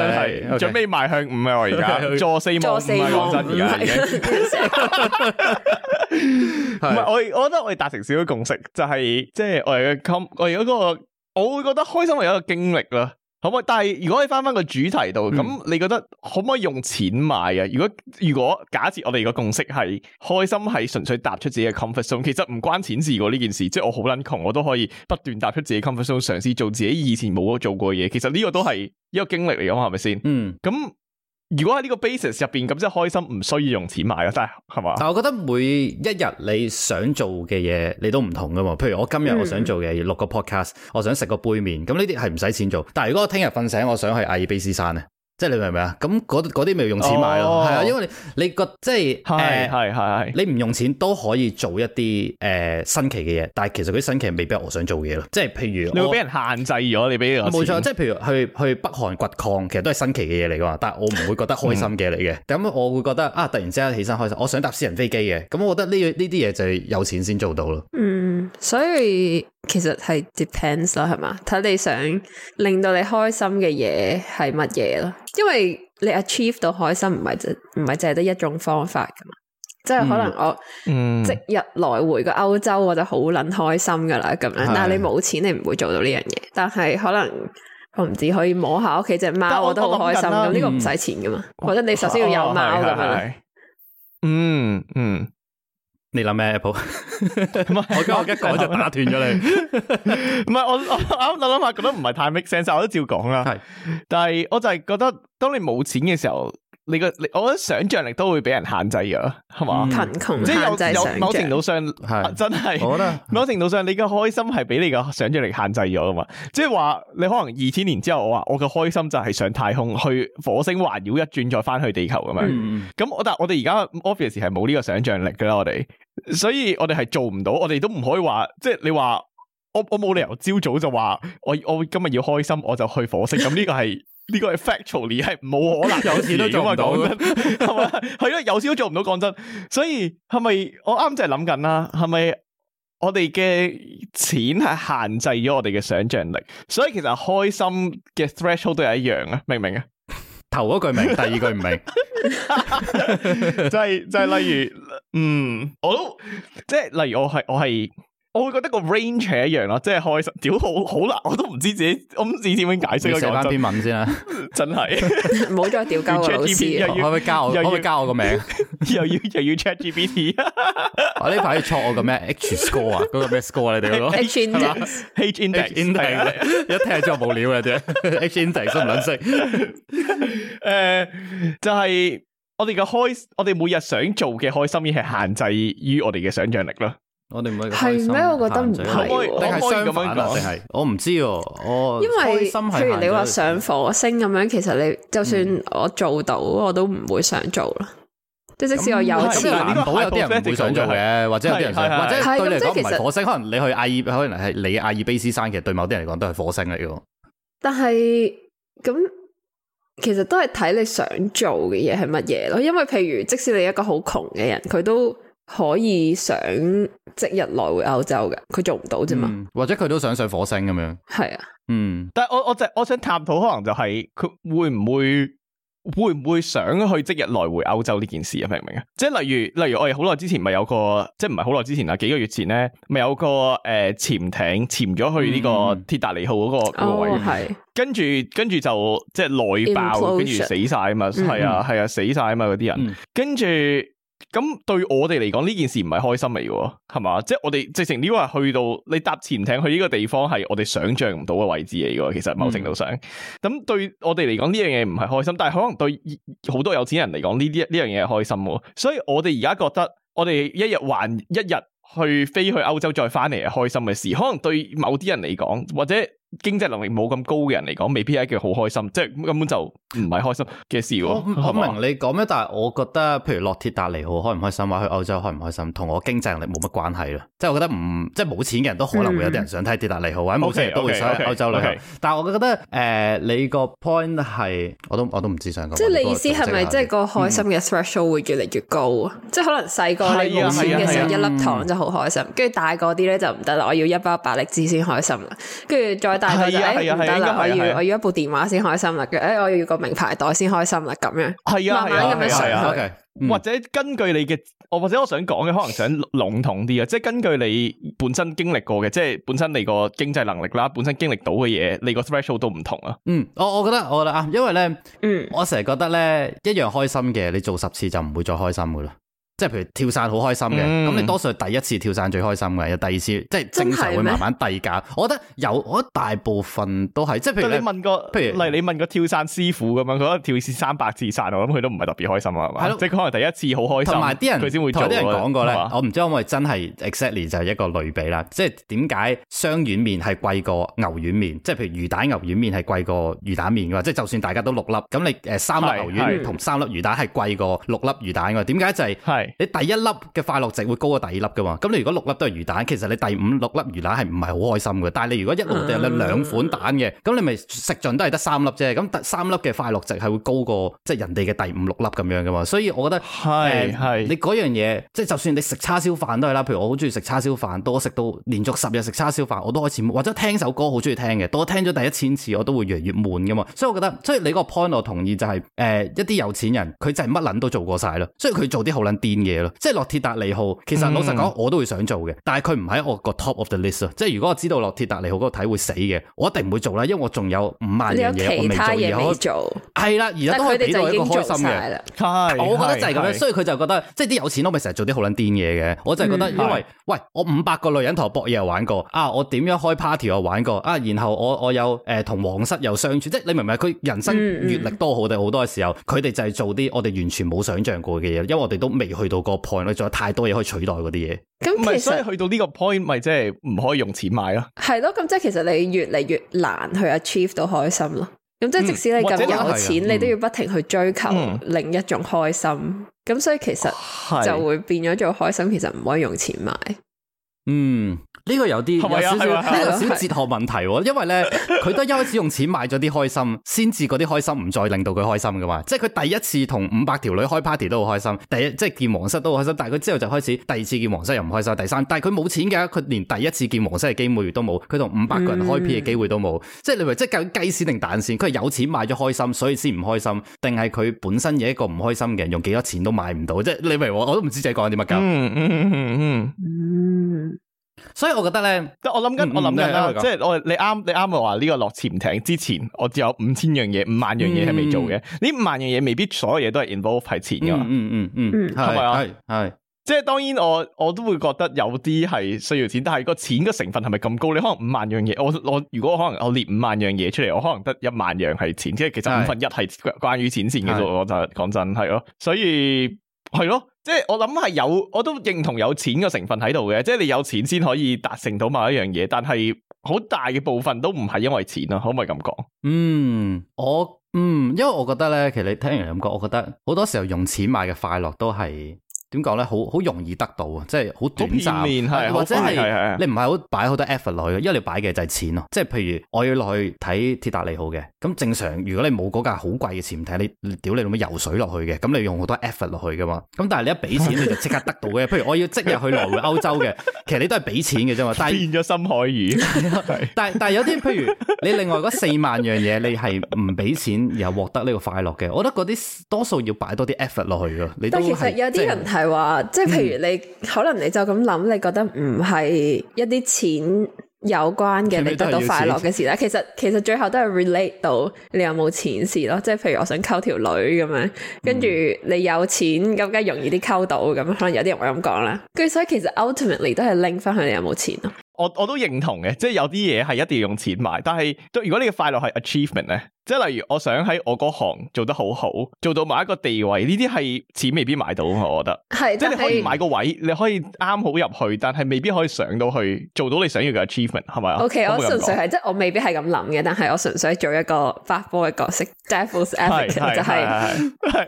[SPEAKER 1] 準備邁向五啊，我而家坐四望五，講真而家已經，唔係我，我覺得我哋達成少少共識，就係即係我哋嘅 com，我有一個，我會覺得開心，係一個經歷啦。可唔可以但係如果你翻翻個主題度，咁、嗯、你覺得可唔可以用錢買啊？如果如果假設我哋個共識係開心係純粹踏出自己嘅 comfort zone，其實唔關錢事個呢件事，即係我好捻窮，我都可以不斷踏出自己 comfort zone，嘗試做自己以前冇做過嘢。其實呢個都係一個經歷嚟講，係咪先？嗯，咁。如果喺呢個 basis 入邊咁，即係開心，唔
[SPEAKER 3] 需要用錢買噶，但係係嘛？但係我覺得每一日你想做嘅嘢，你都唔同噶嘛。譬如我今日我想做嘅嘢，錄個 podcast，、嗯、我想食個杯麵，咁呢啲係唔使錢做。但係如果我聽日瞓醒，我想去阿爾卑斯山咧。即係你明唔明啊？咁嗰啲咪用錢買咯，係啊、oh, oh, oh, oh.，因為你覺得即係係係係你唔用錢都可以做一啲誒、呃、新奇嘅嘢，但係其實嗰啲新奇未必係我想做嘅嘢咯。即係譬如你會俾人限制咗你俾冇錯，即係譬如去去，去北韓掘礦，其實都係新奇嘅嘢嚟噶，但係我唔會覺得開心嘅嚟嘅。咁、 嗯、我會覺得啊，突然之間起身開心，我想搭私人飛機嘅。咁我覺得呢呢啲嘢就係有錢先做到咯。嗯，
[SPEAKER 2] 所以其實係 depends 啦，係嘛，睇你想令到你開心嘅嘢係乜嘢咯。因為你 achieve 到開心唔係唔係淨係得一種方法噶嘛，即係可能我即日來回個歐洲我就好捻開心噶啦咁樣，嗯、但係你冇錢你唔會做到呢樣嘢，是的 但係可能我唔止可以摸下屋企隻貓我都好開心咁，呢個唔使錢噶嘛，我、嗯、覺得你首先要有貓咁樣，
[SPEAKER 3] 嗯嗯。你諗咩、啊、Apple？
[SPEAKER 4] 我 是 我一
[SPEAKER 1] 講就打斷咗你。唔係我我啱啱，我諗下覺得唔係太 make sense， 我都照講啦。 但係我就係覺得，當你冇錢嘅時候。你個你，我覺得想象力都會俾人限制咗，係嘛？貧窮、嗯，即係有，有某程度上係是、啊、真係。我覺得某程度上，你嘅開心係俾你嘅想象力限制咗噶嘛？即係話你可能二千年之後，我話我嘅開心就係上太空去火星環繞一轉，再翻去地球咁樣。咁、嗯、我但係我哋而家 obviously 係冇呢個想象力噶啦，我哋，所以我哋係做唔到，我哋都唔可以話，即係你話我我冇理由朝早就話我我今日要開心，我就去火星咁呢個係。 呢個係 factually 係冇可能 有錢都做唔到， 係咪？係咯，有錢都做唔到，講真。所以係咪我啱就係諗緊啦？係咪我哋嘅錢係限制咗我哋嘅想象力所以其實開心嘅 threshold 都係一樣啊，明唔明啊？頭嗰 句明，第二句唔明、 就是，就係就係例如，嗯，我都，即係例如我係我係。我會覺得個 range 一樣咯，即係開心屌好好啦，我都唔知自己，我唔知點樣解釋。你寫翻
[SPEAKER 2] 篇
[SPEAKER 3] 文先啦，真係，
[SPEAKER 2] 唔好再屌交鳩啦。可唔可以加我？可唔可以加我
[SPEAKER 3] 個名？又要又要 chat GPT 我呢排要 check 我個咩 H score 啊？嗰個咩 score 你哋咯，H index，H index，一聽就無聊嘅啫。
[SPEAKER 1] H index 識唔識？誒，就係我哋嘅開，我哋每日想做嘅開心，已係限制於我哋嘅想象力咯。我哋唔可以係咩？我
[SPEAKER 3] 覺得唔係，定係相反？定係我唔知哦。因為譬如你話上
[SPEAKER 2] 火星咁樣，其實你就算我做到，我都唔會想做咯。即即使我有錢，到有啲人唔會想做嘅，或者有啲人想，或者對你嚟講唔係火
[SPEAKER 3] 星。可能你去阿爾，可能係你阿爾卑斯山，其實對某啲人嚟講都係火星嚟嘅。
[SPEAKER 2] 但係咁，其實都係睇你想做嘅嘢係乜嘢咯。因為譬如，即使你一個好窮嘅人，佢都。可以想即日來回歐洲嘅，佢做唔到啫嘛、嗯？
[SPEAKER 3] 或者佢都想上火星咁樣？係啊，嗯。
[SPEAKER 1] 但係我我就我想探討，可能就係佢會唔會會唔會想去即日來回歐洲呢件事啊？明唔明啊？即係例如例如，例如我好耐之前咪有個，即係唔係好耐之前啊？幾個月前咧，咪有個誒潛艇潛咗去呢個鐵達尼號嗰、嗰個嗯、個位，係、哦、跟住跟住就即係內爆，Implosion 跟住死晒啊嘛，係啊係啊,啊,啊,啊，死晒啊嘛嗰啲人，跟住。咁對我哋嚟講呢件事唔係開心嚟噶，係嘛？即係我哋直情你話去到你搭潛艇去呢個地方係我哋想象唔到嘅位置嚟噶，其實某程度上，咁、嗯、對我哋嚟講呢樣嘢唔係開心，但係可能對好多有錢人嚟講呢啲呢樣嘢係開心，所以我哋而家覺得我哋一日還一日去飛去歐洲再返嚟係開心嘅事，可能對某啲人嚟講或者。經濟能力冇咁高嘅人嚟講，未必係一件
[SPEAKER 3] 好開心，即係根本就唔係開心嘅事。可能你講咩，但係我覺得，譬如落鐵達尼號開唔開心，或去歐洲開唔開心，同我經濟能力冇乜關係囉。即係我覺得唔，即係冇錢嘅人都可能會有啲人想睇鐵達尼號，嗯、或者冇錢人都會想去歐洲旅行。Okay, okay, okay, okay, okay. 但係我覺得，誒、呃，你個 point 係，我都我都唔知想講即係你意思係咪即係個開心
[SPEAKER 2] 嘅 threshold、嗯、會越嚟越高？即係可能細個你冇錢嘅時候，時候、嗯、一粒糖就好開心，跟住大個啲咧就唔得啦，我要一包百力滋先開心啦，跟住再。但係啊，係啊，我要啊我要一部電話先開心啦誒，我要個名牌袋先開心啦，咁、啊、樣，啊、慢慢咁樣上
[SPEAKER 4] 去，
[SPEAKER 2] 或
[SPEAKER 1] 者根據你嘅，我或者我想講嘅，可能想籠統啲啊，即係根據你本身經歷過嘅，即係本身你個經濟能力啦，本身經歷到嘅嘢，你個 threshold 都唔同啊。
[SPEAKER 3] 嗯，我我覺得我覺得啊，因為咧，嗯，我成日覺得咧，一樣開心嘅，你做十次就唔會再開心噶啦。即係譬如跳傘好開心嘅，咁、嗯、你多數係第一次跳傘最開心嘅，又第二次即係正常會慢慢遞減。我覺得有，我覺得大部分都係，即係譬如你，你問
[SPEAKER 1] 個，譬如例如你問個跳傘師傅咁樣，佢一跳是三百次傘，我諗佢都唔係特別開心係嘛？的即係可能第一次好開心，同埋啲人佢先會做。同啲人講過咧，的
[SPEAKER 3] 我唔知可唔可以真係 exactly 就係一個類比啦。即係點解雙丸麵係貴過牛丸麵？即係譬如魚蛋牛丸麵係貴過魚蛋麵噶嘛？即係就算大家都六粒，咁你誒三粒牛丸同三粒魚蛋係貴過六粒魚蛋噶？點解就係？你第一粒嘅快樂值會高過第二粒噶嘛？咁你如果六粒都係魚蛋，其實你第五六粒魚蛋係唔係好開心嘅？但係你如果一路都有兩款蛋嘅，咁你咪食盡都係得三粒啫。咁第三粒嘅快樂值係會高過即係人哋嘅第五六粒咁樣噶嘛？所以我覺得係係你嗰樣嘢，即係就算你食叉燒飯都係啦。譬如我好中意食叉燒飯，多食到連續十日食叉燒飯，我都開始，或者聽首歌好中意聽嘅，到我聽咗第一千次我都會越嚟越悶噶嘛。所以我覺得，所以你個 point 我同意就係誒一啲有錢人佢就係乜撚都做過晒啦，所以佢做啲好撚嘢咯，即係落鐵達尼號，其實老實講我都會想做嘅，嗯、但係佢唔喺我個 top of the list，即係如果我知道落鐵達尼號嗰個體會死嘅，我一定唔會做啦，因為我仲有五萬樣嘢我未做嘢可以做，係啦，而家都可以俾我一個開心嘅。我覺得就係咁樣，係係係，所以佢就覺得即係啲有錢佬咪成日做啲好撚癲嘢嘅。我就係覺得，因為、嗯、喂我五百個女人同我博嘢又玩過啊，我點樣開 party 又玩過啊，然後我我有誒同皇室又相處，即係你明唔明？佢人生閲歷多好哋好多嘅時候，佢哋、嗯、就係做啲我哋完全冇想象過嘅嘢，因為我哋都未去。去到個 point 咧，仲有太多嘢可以取代嗰啲嘢。
[SPEAKER 1] 咁，所以去到呢個 point，咪即係唔可以用錢買咯。
[SPEAKER 2] 係咯，咁即係其實你越嚟越難去 achieve 到開心咯。咁即係即使你咁有錢，嗯、你都要不停去追求另一種開心。咁、嗯、所以其實就會變咗做開心，係，其實唔可以用錢買。
[SPEAKER 3] 嗯。呢個有啲有少少，呢個小哲學問題，因為咧佢都一開始用錢買咗啲開心，先至嗰啲開心唔再令到佢開心噶嘛。即係佢第一次同五百條女開 party 都好開心，第一即係見王室都好開心，但係佢之後就開始第二次見王室又唔開心，第三，但係佢冇錢嘅，佢連第一次見王室嘅機會都冇，佢同五百個人開 P 嘅機會都冇。即係你話即係計雞先定蛋先，佢係有錢買咗開心，所以先唔開心，定係佢本身有一個唔開心嘅人，用幾多錢都買唔到。即係你話，我都唔知自己講緊啲乜所以我覺得咧，我諗緊，我諗緊咧，即係
[SPEAKER 1] 我你啱，你啱咪話呢個落潛艇之前，我只有五千樣嘢，五萬樣嘢係未做嘅。呢五萬樣嘢，未必所有嘢都係 involve 係錢噶嘛。嗯嗯嗯，係係係，即係當然，我我都會覺得有啲係需要錢，但係個錢嘅成分係咪咁高？你可能五萬樣嘢，我我如果可能我列五萬樣嘢出嚟，我可能得一萬樣係錢，即係其實五分一係關於錢線嘅。我就講真係咯，所以。係咯，即係我諗係有，我都認同有錢嘅成分喺度嘅，即係你有錢先可以達成到某一樣嘢，但係好大嘅部分都唔係因為錢咯，可唔可以咁講？
[SPEAKER 4] 嗯，
[SPEAKER 3] 我嗯，因為我覺得咧，其實你聽完咁講，我覺得好多時候用錢買嘅快樂都係。點講咧，好好容易得到啊，即係好短暫，面或者係你唔係好擺好多 effort 落去嘅，因為你擺嘅就係錢咯。即係譬如我要落去睇鐵達尼號嘅，咁正常如果你冇嗰架好貴嘅潛艇，你屌你做咩游水落去嘅？咁你用好多 effort 落去嘅嘛。咁但係你一俾錢，你就即刻得到嘅。 譬如我要即日去來回歐洲嘅， 其實你都係俾錢嘅啫嘛。但變咗深海魚 但。但但係有啲譬如你另外嗰四萬樣嘢，你係唔俾錢然後獲得呢個快樂嘅。我覺得嗰啲多數要擺多啲 effort 落去嘅。你都其實有啲人
[SPEAKER 2] 係話，即係譬如你可能你就咁諗，嗯、你覺得唔係一啲錢有關嘅，你得到快樂嘅事咧。其實其實最後都係 relate 到你有冇錢事咯。即係譬如我想溝條女咁樣，跟住你有錢，更加容易啲溝到。咁可能有啲人會咁講啦，跟住所以其實 ultimately 都係 link 翻去你有冇錢咯。
[SPEAKER 1] 我我都認同嘅，即係有啲嘢係一定要用錢買。但係如果你嘅快樂係 achievement 咧？即係例如，我想喺我嗰行做得好好，做到某一個地位，呢啲係錢未必買到，我覺得係，即係你可以買個位，你可以啱好入去，但係未必可以上到去做到你想要嘅 achievement，係咪啊？OK，我純粹係
[SPEAKER 2] 即係我未必係咁諗嘅，但係我純粹做一個發波嘅角色 double action 就係，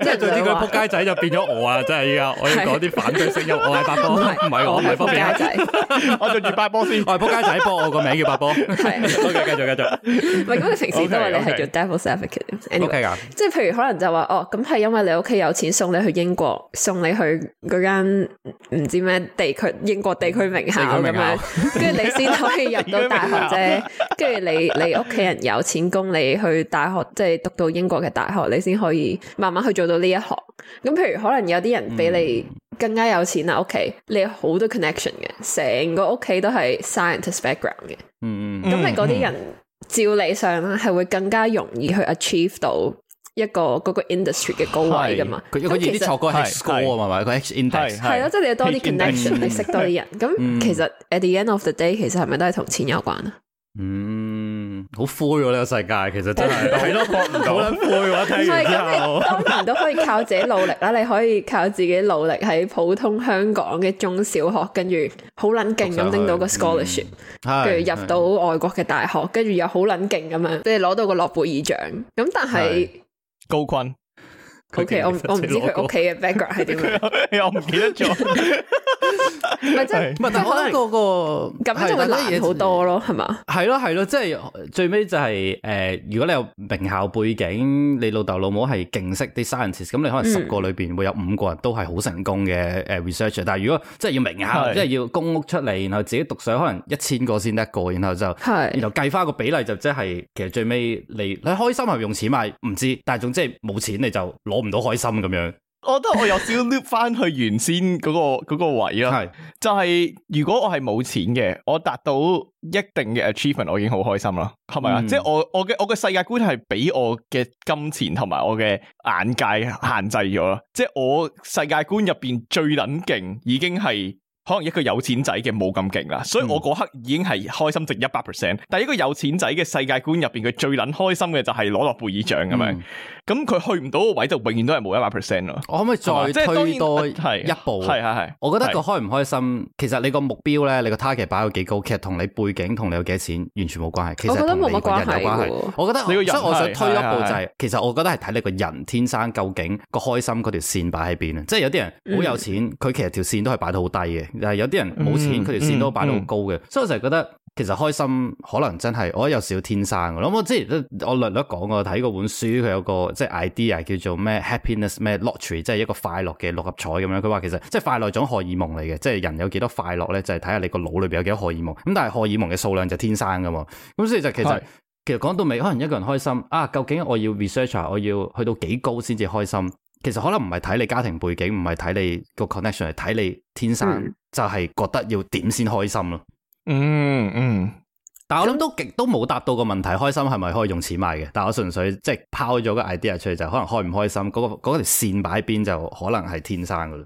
[SPEAKER 3] 即係做屘個扑街仔就變咗我啊！真係依家我要講啲反對聲音，我係發波，唔係我係扑街仔，我做住發波先，我係扑街仔波，我個名叫發波，繼續繼續，唔係
[SPEAKER 2] 咁嘅形式，因為你係做 a Anyway, Okay. 即係譬如可能就話哦，咁係因為你屋企有錢送你去英國，送你去嗰間唔知咩地區英國地區名校咁樣，跟住 你先可以入到大學啫。跟住 你你屋企人有錢供你去大學，即係讀到英國嘅大學，你先可以慢慢去做到呢一行。咁譬如可能有啲人比你更加有錢啦，屋企你好多 connection 嘅，成個屋企都係 scientist background 嘅。嗯
[SPEAKER 4] 嗯，咁係嗰啲人。嗯
[SPEAKER 2] 照理上係會更加容易去 achieve 到一個嗰個 industry 嘅高位㗎嘛，佢因為啲錯歌係
[SPEAKER 3] score 啊嘛，咪佢 index 係咯，即係你多啲 connection，你識多啲
[SPEAKER 2] 人，咁其實 at the end of the day，其實係咪都係同錢有關啊？
[SPEAKER 3] 嗯，好灰喎，呢個世界，其實真係係咯，好捻 灰喎。聽完之後，唔係，
[SPEAKER 2] 都可以靠自己努力啦。 你可以靠自己努力喺普通香港嘅中小學，跟住好捻勁咁拎到個 scholarship，跟住，嗯，入到外國嘅大學，跟住，嗯，又好捻勁咁樣，即係攞到個諾貝爾獎。咁但係
[SPEAKER 1] 是高坤。O K，
[SPEAKER 2] 我唔我唔知佢屋企嘅 background 係點樣，我唔記得咗。唔係即係，唔係但可能嗰個咁樣嘢好多咯，
[SPEAKER 3] 係嘛？係咯係咯，即係最尾就係誒，如果你有名校背景，你老豆老母係勁識啲 science，咁你可能十個裏邊會有五個人都係好成功嘅誒 researcher。但係如果即係要名校，即係要公屋出嚟，然後自己讀上，可能一千個先得一個，然後就然後計翻個比例，就即係其實最尾你你開心係用錢買唔知，但係仲即係冇錢你就攞。我唔到開心咁樣，我覺得我有少少 loop 翻去原先嗰個嗰個位咯。係 就係如果我係冇錢嘅，我達
[SPEAKER 1] 到一定嘅 achievement，我已經好開心啦。係咪啊？嗯、即係我我嘅我嘅世界觀係俾我嘅金錢同埋我嘅眼界限制咗咯，即係我世界觀入邊最捻勁已經係。可能一個有錢仔嘅冇咁勁啦，所以我嗰刻已經係開心值一百 percent。但係一個有錢仔嘅世界觀入邊，佢最撚開心嘅就係攞到諾貝爾獎咁樣。咁佢去唔到個位就永遠都係冇一百 percent 咯。我可唔可以再推多一步？係係係。我覺得個
[SPEAKER 3] 開唔開心，其實你個目標咧，你個 target 擺到幾高，其實同你背景同你有幾錢完全冇關係。其實同你個人嘅關係。我覺得，所以我想推一步就係，其實我覺得係睇你個人天生究竟個開心嗰條線擺喺邊啊。即係有啲人好有錢，佢其實條線都係擺到好低嘅。係有啲人冇錢，佢條線都擺到好高嘅，嗯嗯、所以我成日覺得其實開心可能真係，我有時要天生嘅。我諗我之前都我略略講過，睇嗰本書佢有個即係 idea 叫做咩 happiness 咩 lottery，即係一個快樂嘅六合彩咁樣。佢話其實即係快樂種荷爾蒙嚟嘅，即係人有幾多快樂咧，就係睇下你個腦裏邊有幾多荷爾蒙。咁但係荷爾蒙嘅數量就天生噶嘛。咁所以就其實是其實講到尾，可能一個人開心啊，究竟我要 research 我要去到幾高先至開心？其實可能唔係睇你家庭背景，唔係睇你個 connection，係睇你天生，嗯、就係覺得要點先開心咯。嗯嗯。但係我諗都極，嗯、都冇答到個問題，開心係咪可以用錢買嘅？但係我純粹即係拋咗個 idea 出嚟，就是可那個，就可能開唔開心，嗰個嗰條線擺喺邊就可能係天生噶咯。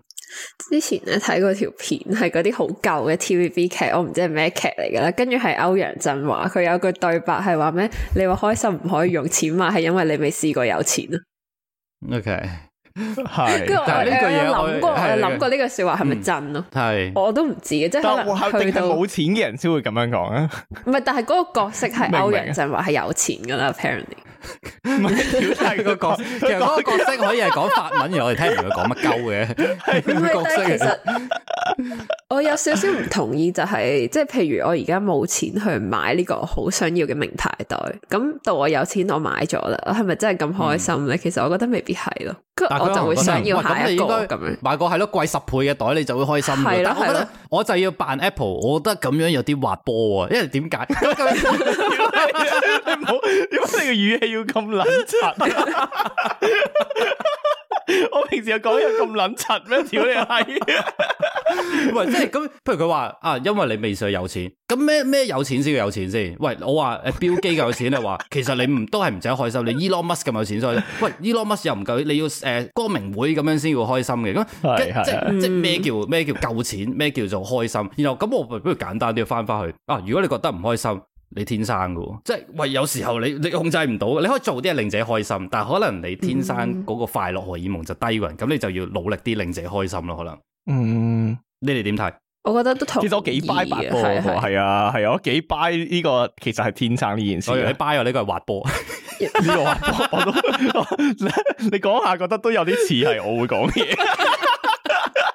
[SPEAKER 2] 之前咧睇過條片，係嗰啲好舊嘅 TVB 劇，我唔知係咩劇嚟噶啦。跟住係歐陽震華，佢有句對白係話咩？你話開心唔可以用錢買，係因為你未試過有錢啊。
[SPEAKER 3] O
[SPEAKER 4] K。係，
[SPEAKER 2] 跟住我諗過，諗過呢個說話係咪真
[SPEAKER 1] 咯？係，我
[SPEAKER 2] 都唔知嘅，即係可能佢係冇
[SPEAKER 1] 錢嘅人先會咁樣
[SPEAKER 3] 講啊。
[SPEAKER 2] 唔係，但係嗰個角色係歐陽震華係有錢噶啦，Apparently。
[SPEAKER 3] 唔係嗰個，其實嗰個角色可以係講法文，而我哋聽唔到佢講乜鳩嘅。係，但係其實
[SPEAKER 2] 我有少少唔同意，就係即係譬如我而家冇錢去買呢個好想要嘅名牌袋，咁到我有錢我買咗啦，我係咪真係咁開心咧？其實我覺得未必係咯。但我就會想要個、哎、你應該買個咁樣，
[SPEAKER 3] 買個係咯貴十倍嘅袋你就會開心咯。的但係我覺得是的 我就要扮 Apple，我覺得咁樣有啲滑波啊！因為點解？ 你唔好，點解你嘅語氣要咁冷？
[SPEAKER 1] 我平時又講又咁捻柒咩？屌
[SPEAKER 4] 你
[SPEAKER 3] 閪！ 喂，即係咁，譬如佢話啊，因為你未上有錢，咁咩咩有錢先有錢先？喂，我話誒，標機夠有錢，你話其實你唔都係唔使開心，你 Elon Musk 咁有錢，所以喂 Elon Musk 又唔夠，你要誒、呃、光明會咁樣先要開心嘅。咁即即咩叫咩叫夠錢？咩叫做開心？然後咁我不如簡單啲翻翻去啊！如果你覺得唔開心。你天生噶，即係喂，有時候你你控制唔到，你可以做啲令自己開心，但係可能你天生嗰個快樂荷爾蒙就低嘅人，咁、嗯、你就要努力啲令自己開心咯。可能，
[SPEAKER 2] 嗯，
[SPEAKER 3] 你哋點睇？
[SPEAKER 2] 我覺得都同。至少幾 buy 滑波，係
[SPEAKER 3] 啊，係
[SPEAKER 1] 我幾 buy 呢、這個，其實係天生呢件事、嗯。你 buy 我呢、這個滑波，
[SPEAKER 2] 呢個滑波，我都
[SPEAKER 1] 你講下，覺得都有啲似係我會講嘢。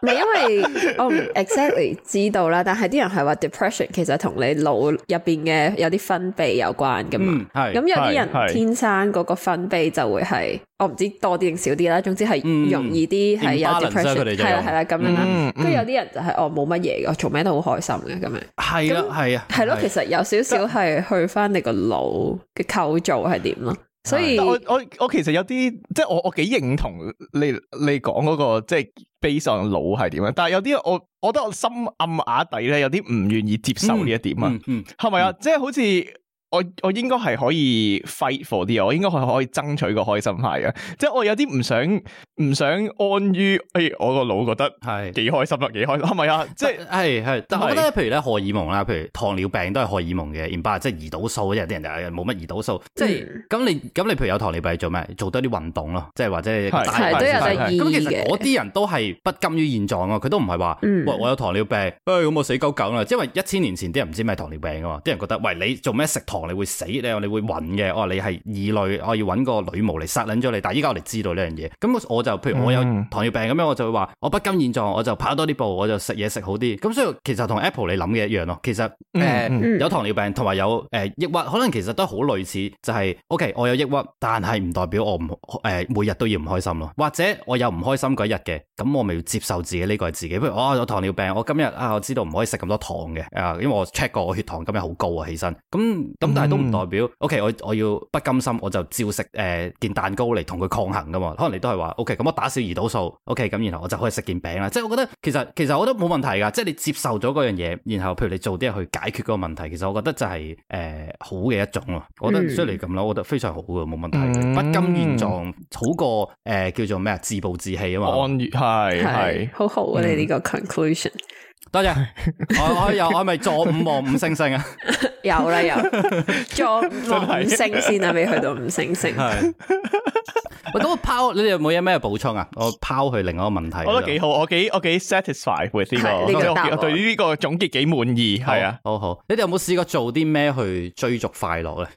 [SPEAKER 2] 唔係因為我唔 exactly 知道啦，但係啲人係話 depression 其實同你腦入邊嘅有啲分泌有關噶嘛，係咁有啲人天生嗰個分泌就會係我唔知多啲定少啲啦，總之係容易啲係有 depression，係啦係啦咁樣，跟住有啲人就係我冇乜嘢嘅，做咩都好開心嘅咁樣，係
[SPEAKER 3] 啊係啊，係咯，其實
[SPEAKER 2] 有少少係去翻你個腦嘅構造係點咯。所以我
[SPEAKER 1] 我我其實有啲即係我我幾認同你你講嗰個即係悲上腦係點樣，但係有啲我我覺得我心暗啞底咧，有啲唔願意接受呢一點啊，係咪啊？即係好似。我我應該係可以 fight for 啲，我應該係可以爭取個開心牌啊，即係我有啲唔想唔想安於，哎，我個腦覺得
[SPEAKER 3] 係幾開心啊，幾的開心，係咪啊？即係係係，但係我覺得譬如咧荷爾蒙啦，譬如糖尿病都係荷爾蒙嘅，唔巴，即係胰島素即人啲人就冇乜胰島素，即係咁你咁你譬如有糖尿病做咩？做多啲運動咯，即係或者係都的的有啲意義嘅，啲人都係不甘於現狀啊，佢都唔係話，嗯、喂，我有糖尿病，喂、哎，咁我死狗狗啦，因為一千年前啲人唔知咩糖尿病啊嘛，啲人覺得，喂，你做咩食糖？你會死，你你會暈嘅，我話你係異類，我要搵個女巫嚟殺撚咗你。但係依家我哋知道呢樣嘢，咁我就譬如我有糖尿病咁樣，mm hmm. 我就會話我不甘現狀，我就跑多啲步，我就食嘢食好啲。咁所以其實同 Apple 你諗嘅一樣咯。其實誒、呃 mm hmm. 有糖尿病同埋有誒、呃、抑鬱，可能其實都好類似，就係 OK，我有抑鬱，但係唔代表我唔誒、呃、每日都要唔開心咯。或者我有唔開心嗰一日嘅，咁我咪要接受自己呢個係自己。譬如我有糖尿病，我今日啊，我知道唔可以食咁多糖嘅，啊，因為我 check 過我血糖今日好高啊，起身咁。但係都唔代表，OK，我我要不甘心，我就照食誒件蛋糕嚟同佢抗衡噶嘛？可能你都係話，OK，咁我打少胰島素，OK，咁然後我就可以食件餅啦。即係我覺得其實其實我覺得冇問題噶，即係你接受咗嗰樣嘢，然後譬如你做啲嘢去解決嗰個問題，其實我覺得就係誒好嘅一種咯。我覺得雖然嚟咁咯，我覺得非常好嘅，冇問題。不甘現狀好過誒叫做咩啊？自暴自棄啊嘛。安如係係，好好啊！你呢個 conclusion。
[SPEAKER 2] 多謝，
[SPEAKER 3] 我我有我係咪坐五望五星星啊？
[SPEAKER 2] 有啦有，坐五望五星先啊，未去到五星星。
[SPEAKER 3] 我咁拋，你哋有冇有咩補充啊？我拋去另外一個問題啊，我都幾好，我幾
[SPEAKER 1] 我幾 satisfied with 呢個，我對於呢個總結幾滿意，係啊好的，好好。你哋有冇試
[SPEAKER 3] 過做啲咩去追逐快樂咧？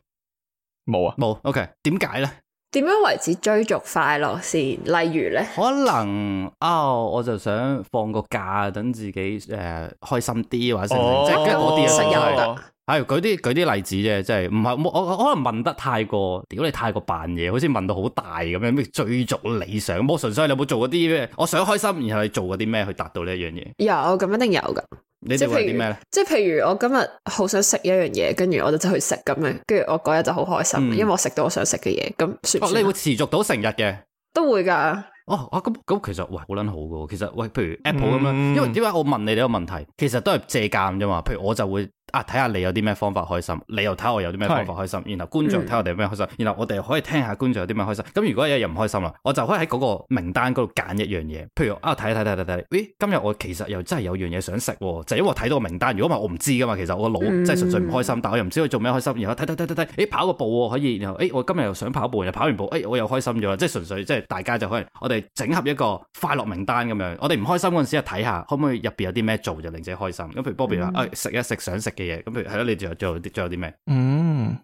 [SPEAKER 3] 冇有啊，冇。OK，點解咧？點樣為止追
[SPEAKER 2] 逐快樂先？例如咧，可能啊、哦，我就想
[SPEAKER 3] 放個假，等自己誒、呃、開心啲或者，即係我啲啊，係舉啲舉啲例子啫，即係唔係我可能問得太過，如果你太過扮嘢，好似問到好大咁樣咩？追逐理想，我純粹你有冇做過啲咩？我想開心，然後你做過啲咩去達到呢一樣嘢？
[SPEAKER 2] 有，咁一定有噶。
[SPEAKER 3] 你即係譬如咩咧？
[SPEAKER 2] 即係譬如我今日好想食一樣嘢，跟住我就走去食咁樣，跟住我嗰日就好開心，嗯、因為我食到我想食嘅嘢。咁哦，你會
[SPEAKER 3] 持續到成日嘅？
[SPEAKER 2] 都會噶。
[SPEAKER 3] 哦，啊咁咁，其實喂好捻好噶。其實喂，譬如 Apple 咁樣，嗯、因為點解我問你呢個問題？其實都係借鑒啫嘛。譬如我就會。啊！睇下你有啲咩方法開心，你又睇下我有啲咩方法開心，是然後觀眾睇下我哋有咩開心，嗯、然後我哋可以聽下觀眾有啲咩開心。咁如果一日唔開心啦，我就可以喺嗰個名單嗰度揀一樣嘢。譬如啊，睇睇睇睇睇，咦、哎？今日我其實又真係有樣嘢想食，就因為我睇到個名單。如果唔係我唔知噶嘛，其實我個腦真係純粹唔開心，但我又唔知佢做咩開心。然後睇睇睇睇睇，誒、哎、跑個步可以，然後誒、哎、我今日又想跑步，又跑完步，誒、哎、我又開心咗。即係純粹即係大家就可以，我哋整合一個快樂名單咁樣。我哋唔開心嗰陣時啊，睇下可唔可以入邊有啲咩做就令自己開心。咁譬如 Bobby 話，誒、哎、食一食想食嘅嘢，咁譬如係咯，你仲有，仲有啲，仲有啲咩？嗯，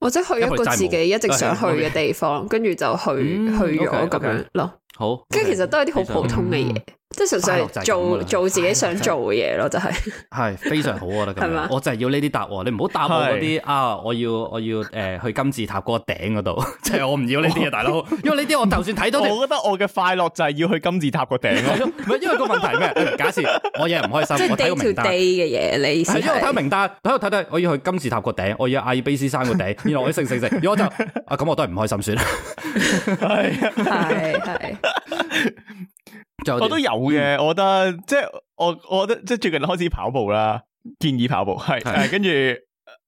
[SPEAKER 2] 或者去一個自己一直想去嘅地方，跟住 就去、嗯、去咗咁樣 okay, okay.
[SPEAKER 3] 咯。好，跟住 Okay, 其實都係啲好普通
[SPEAKER 2] 嘅嘢。嗯嗯。即係純粹做做自己想做嘅嘢咯，就係
[SPEAKER 3] 係非常好，我覺得。係嘛？我就係要呢啲答案。你唔好答我嗰啲啊！我要我要誒去金字塔嗰頂嗰度，即係我唔要呢啲啊，大佬。
[SPEAKER 1] 因為呢啲我就算睇到，我覺得我嘅快樂就係要去金字塔個頂咯。
[SPEAKER 4] 唔係因為個問
[SPEAKER 3] 題咩？假設我有日唔開心，我睇個名單。即係地
[SPEAKER 2] 嘅嘢，你係因為我睇
[SPEAKER 3] 名單，睇睇睇睇，我要去金字塔個頂，我要阿爾卑斯山個頂，然後我食食食，如果就啊咁，我都係唔開心算啦。係
[SPEAKER 4] 係。
[SPEAKER 3] 我都有嘅，嗯、我
[SPEAKER 1] 覺得即係我，我覺得即係最近開始跑步啦，建議跑步係，的嗯、跟住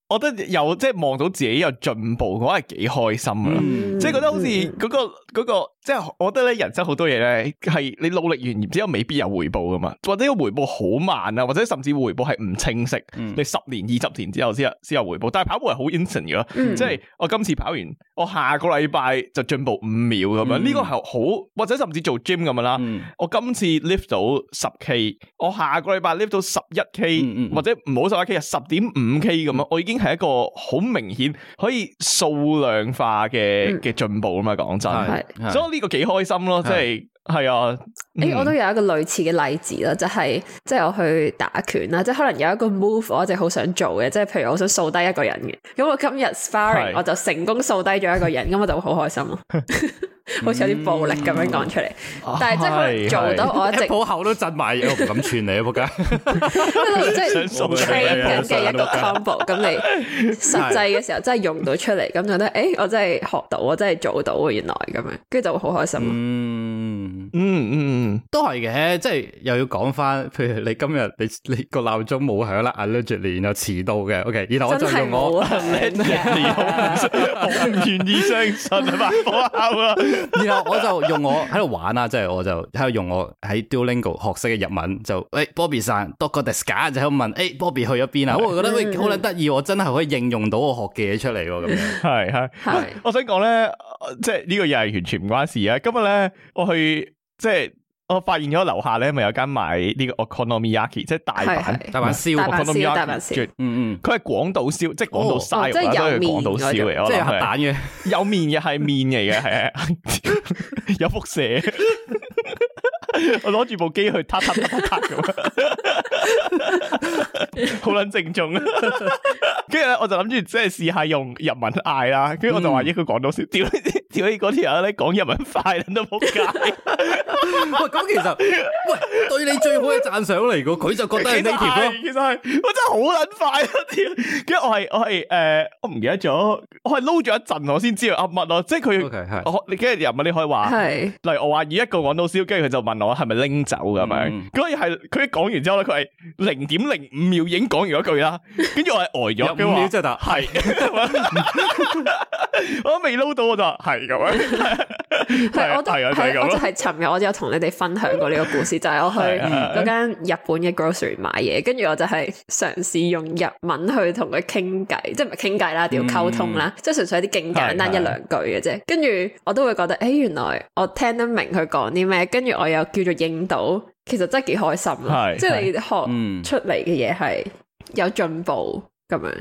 [SPEAKER 1] 我覺得又即係望到自己有進步，我係幾開心噶，嗯、即係覺得好似、嗰個。嗯嗰、那個即係我覺得咧，人生好多嘢咧係你努力完然之後未必有回報噶嘛，或者個回報好慢啊，或者甚至回報係唔清晰。嗯、你十年、二十年之後先有先有回報，但係跑步係好 instant 嘅咯，嗯、即係我今次跑完，我下個禮拜就進步五秒咁樣，呢、嗯、個係好或者甚至做 gym 咁樣啦。嗯、我今次 lift 到十 K，我下個禮拜 lift 到十一 K，、嗯嗯、或者唔好十一 K 啊十點五 K 咁樣，嗯、我已經係一個好明顯可以數量化嘅嘅進步啊嘛，講、嗯、真。所以呢個幾開心咯，即係。
[SPEAKER 2] 係啊，誒，我都有一個類似嘅例子啦，就係即係我去打拳啦，即係可能有一個 move 我一直好想做嘅，即係譬如我想掃低一個人嘅，咁我今日 sparring 我就成功掃低咗一個人，咁我就會好開心咯，好似有啲暴力咁樣講出嚟，但係即係可能做到我一直口都窒埋嘢，我唔敢串你啊仆街，即係唔熟嘅一個 combo，咁你實際嘅時候真係用到出嚟，咁覺得誒，我真係學到，我真係做到，原來咁樣，跟住就會好開心咯。嗯嗯嗯
[SPEAKER 3] 都係嘅，即係又要講翻，譬如你今日你你個鬧鐘冇響啦，啊 lazy 然後遲到嘅，OK，然後我就用我
[SPEAKER 4] lazy 唔
[SPEAKER 3] 願意相信啊嘛，我
[SPEAKER 4] 哭
[SPEAKER 1] 啦，然後我就用我
[SPEAKER 3] 喺度玩啊，即係我就喺度用我喺 Duolingo 學識嘅日文，就誒，Bobby san，どこですか？就喺度問，誒，Bobby 去咗邊啊？我覺得好捻得意，我真係可以應用到我學嘅嘢出嚟，咁樣係係
[SPEAKER 1] 係，我想講咧，即係呢個又係完全唔關事啊，今日咧我去。即係我發現咗樓下咧，咪有間賣呢個 okonomiyaki，即係大阪大阪燒 okonomiyaki。嗯嗯，佢係廣島燒，即係廣島燒，即係有麵嘅，有麵嘅係麵嚟嘅，係啊，有輻射。我攞住部機去嗒嗒嗒嗒咁，好捻正宗。跟住咧，我就諗住即係試下用日文嗌啦，跟住我就話一個廣島燒，屌！條嗰條阿咧講日文快都冇界，
[SPEAKER 4] 喂，咁其實喂對
[SPEAKER 1] 你最好嘅讚賞嚟噶，佢就覺得你呢條咯，其實係，我真係好捻快啊！跟住我係我係誒，我唔記得咗，我係撈咗一陣我先知道阿乜咯，即係佢，okay, 我你今日日文你可以話，係是，例如我話以一個講到燒，跟住佢就問我係咪拎走咁樣，嗰日係佢一講完之後咧，佢係零點零五秒已經講完一句啦，跟住我係呆咗嘅話，真係， 我未撈到我就係。
[SPEAKER 2] 係 我，係我，就係尋日我就有同你哋分享過呢個故事， 的就係我去嗰間日本嘅 grocery 買嘢，跟住我就係嘗試用日文去同佢傾偈，即係唔係傾偈啦，調溝通啦，嗯、即係純粹係啲勁簡單、嗯、一兩句嘅啫。跟住我都會覺得，誒、欸，原來我聽得明佢講啲咩，跟住我又叫做應到，其實真係幾開心即係，嗯、你係學出嚟嘅嘢係有進步。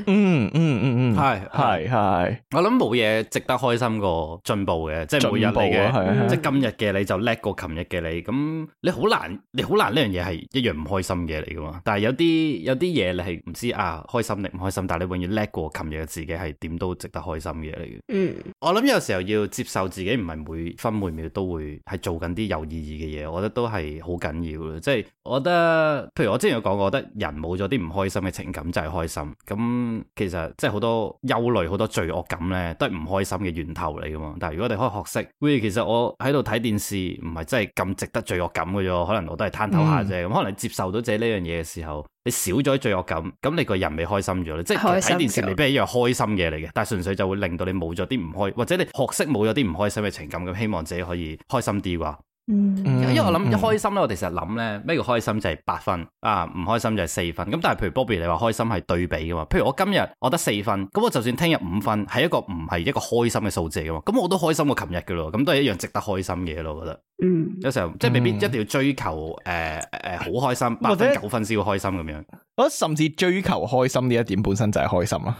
[SPEAKER 2] 嗯
[SPEAKER 3] 嗯嗯嗯，係係係，我諗冇嘢值得開心過進步嘅，進步啊，即係每日嘅，的即係今日嘅你就叻過琴日嘅你，咁的你好難你好難呢樣嘢係一樣唔開心嘅嘢嚟噶嘛？但係有啲有啲嘢你係唔知啊開心定唔開心，但係你永遠叻過琴日嘅自己係點都值得開心嘅嘢嚟嘅。
[SPEAKER 4] 嗯，
[SPEAKER 3] 我諗有時候要接受自己唔係每分每秒都會係做緊啲有意義嘅嘢，我覺得都係好緊要咯。即、就、係、是、我覺得，譬如我之前有講過，我覺得人冇咗啲唔開心嘅情感就係、是、開心咁。咁、嗯、其實即係好多憂慮，好多罪惡感咧，都係唔開心嘅源頭嚟噶嘛。但係如果你可以學識，喂，其實我喺度睇電視唔係真係咁值得罪惡感嘅啫，可能我都係攤頭下啫。咁、嗯嗯、可能你接受到自己呢樣嘢嘅時候，你少咗罪惡感，咁你個人咪開心咗咧。即係睇電視未必係開心嘢嚟嘅，但係純粹就會令到你冇咗啲唔開，或者你學識冇咗啲唔開心嘅情感，咁希望自己可以開心啲啩。
[SPEAKER 4] 嗯，因為我諗一開
[SPEAKER 3] 心咧，我哋成日諗咧咩叫開心就係八分啊，唔開心就係四分。咁但係譬如 Bobby 你話開心係對比噶嘛？譬如我今日我得四分，咁我就算聽日五分，係一個唔係一個開心嘅數字噶嘛？咁我天天都開心過琴日噶咯，咁都係一樣值得開心嘅咯。我覺得，嗯，有時候即係未必一定要追求誒誒好開心，八分九分先會開心咁樣。我覺得甚至追求開心呢一點本身就係開心啊。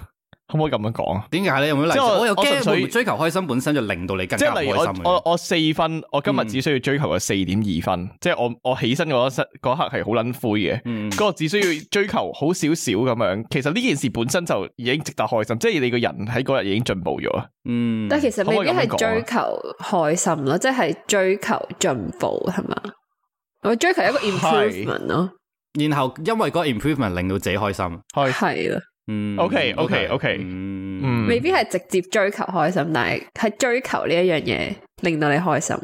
[SPEAKER 3] 可唔可以咁樣講啊？點解咧？用咩例子？我又驚追求開心本身就令到你更加唔開心嘅。我
[SPEAKER 1] 我四分，我今日只需要追求個四點二分，即係我我起身嗰刻係好捻灰嘅。嗰個只需要追求好少少咁樣。其實呢件事本身就已經值得開心，即係你個人喺嗰日已經進步咗啊。嗯，
[SPEAKER 2] 但其實未必係追求開心咯，即係追求進步係嘛？我追求一個 improvement
[SPEAKER 3] 咯。然後因為個 improvement 令到自己開心，係啦。嗯，OK，OK，OK，
[SPEAKER 2] 未必係直接追求開心，但係係追求呢一樣嘢令到你開心。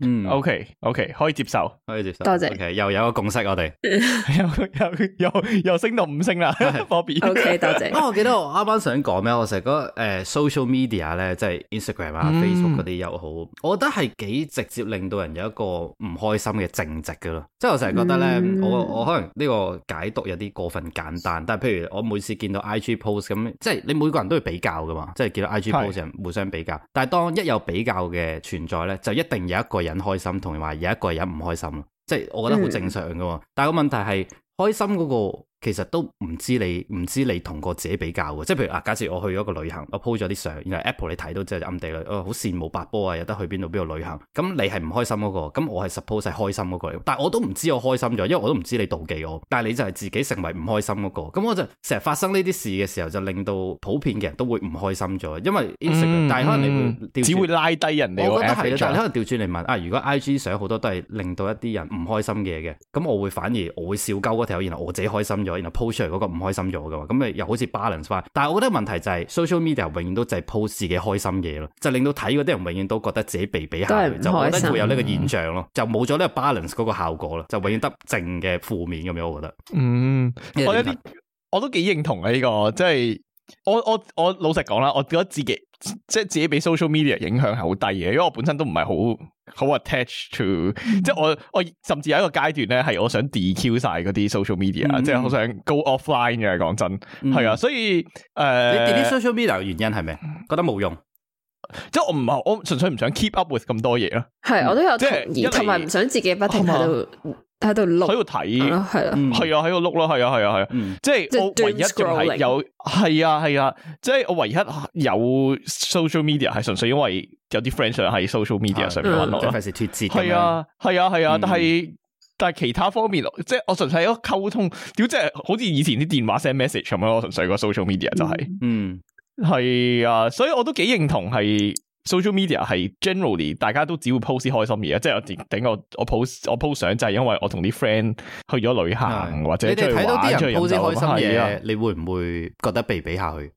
[SPEAKER 1] 嗯，OK，OK，okay, okay, 可以接受，可以接受，多謝，OK，又有一個共識，
[SPEAKER 3] 我哋 又
[SPEAKER 1] 又又升到五星啦 OK 多謝。啊、
[SPEAKER 2] 哦，我記得
[SPEAKER 3] 我啱啱想講咩，我成日覺得誒 social media 咧，即係 Instagram 啊、嗯、Facebook 嗰啲又好，我覺得係幾直接令到人有一個唔開心嘅正直噶咯。即係我成日覺得咧，嗯、我我可能呢個解讀有啲過分簡單，但係譬如我每次見到 IG post 咁，即係你每個人都要比較噶嘛，即係見到 IG post 的對互相比較。但係當一有比較嘅存在咧，就一定有一個。人開心，同埋有一個人唔開心，即係我覺得好正常噶、嗯、但係個問題，係開心嗰個其實都唔知你唔知你同個自己比較嘅，即係譬如啊，假設我去咗個旅行，我 po 咗啲相，然後 Apple 你睇到即係暗地裏好、哦、羨慕八波啊，有得去邊度邊度旅行。咁你係唔開心嗰、那個，咁我係 suppose 係開心嗰、那個，但係我都唔知我開心咗，因為我都唔知你妒忌我，但係你就係自己成為唔開心嗰、那個。咁我就成日發生呢啲事嘅時候，就令到普遍嘅人都會唔開心咗，因為 Instagram、嗯、但係可能你會只會拉低人哋。我覺得係，但係可能調轉嚟問啊，如果 I G 相好多都係令到一啲人唔開心嘅嘢嘅，咁我會反而我會笑鳩嗰條，然後我自己開心咗。然後 post 出嚟嗰個唔開心咗嘅，咁咪又好似 balance 翻。但係我覺得問題就係 social media 永遠都就係 post 自己開心嘢咯，就令到睇嗰啲人永遠都覺得自己被比，比下，就覺得會有呢個現象咯，嗯、就冇咗呢個 balance 嗰個效果啦，就永遠得正嘅負面咁樣，我覺得。
[SPEAKER 4] 嗯，我有
[SPEAKER 3] 啲我都幾認同啊呢、呢個，即係。
[SPEAKER 1] 我我我老實講啦，我覺得自己即係自己俾 social media 影響係好低嘅，因為我本身都唔係好好 attach to，、mm hmm. 即係我我甚至有一個階段咧係我想 DQ 晒嗰啲 social media 即係好想 go offline 嘅，講真係啊、mm hmm.，所以誒、
[SPEAKER 3] 呃，你 delete social media 嘅原因係咩？覺得冇用，即係我唔係我純粹唔想 keep up with 咁多嘢咯。係我都有同，同埋唔想
[SPEAKER 2] 自己不停喺度。喺度錄，喺度
[SPEAKER 1] 睇，係咯，係啊，喺度碌咯，係啊，係啊，係啊，即係我唯一仲係有，係啊，係啊，即係我唯一有 social media，係純粹因為有啲 friend 想喺 social media 上面玩咯，即係啊，係啊，係啊，但係但係其他方面，即係我純粹係一個溝通，屌，即係好似以前啲電話 send message 咁樣咯，純粹個 social media 就係，
[SPEAKER 4] 嗯，
[SPEAKER 1] 係啊，所以我都幾認同係。social media 係 generally 大家都只會 post 啲開心嘢，即係我頂我我 post 我 post 相就係因為我同啲 friend
[SPEAKER 3] 去咗旅行的或者追睇到啲人 p 開心嘢，的你會唔會覺得被比，比下去？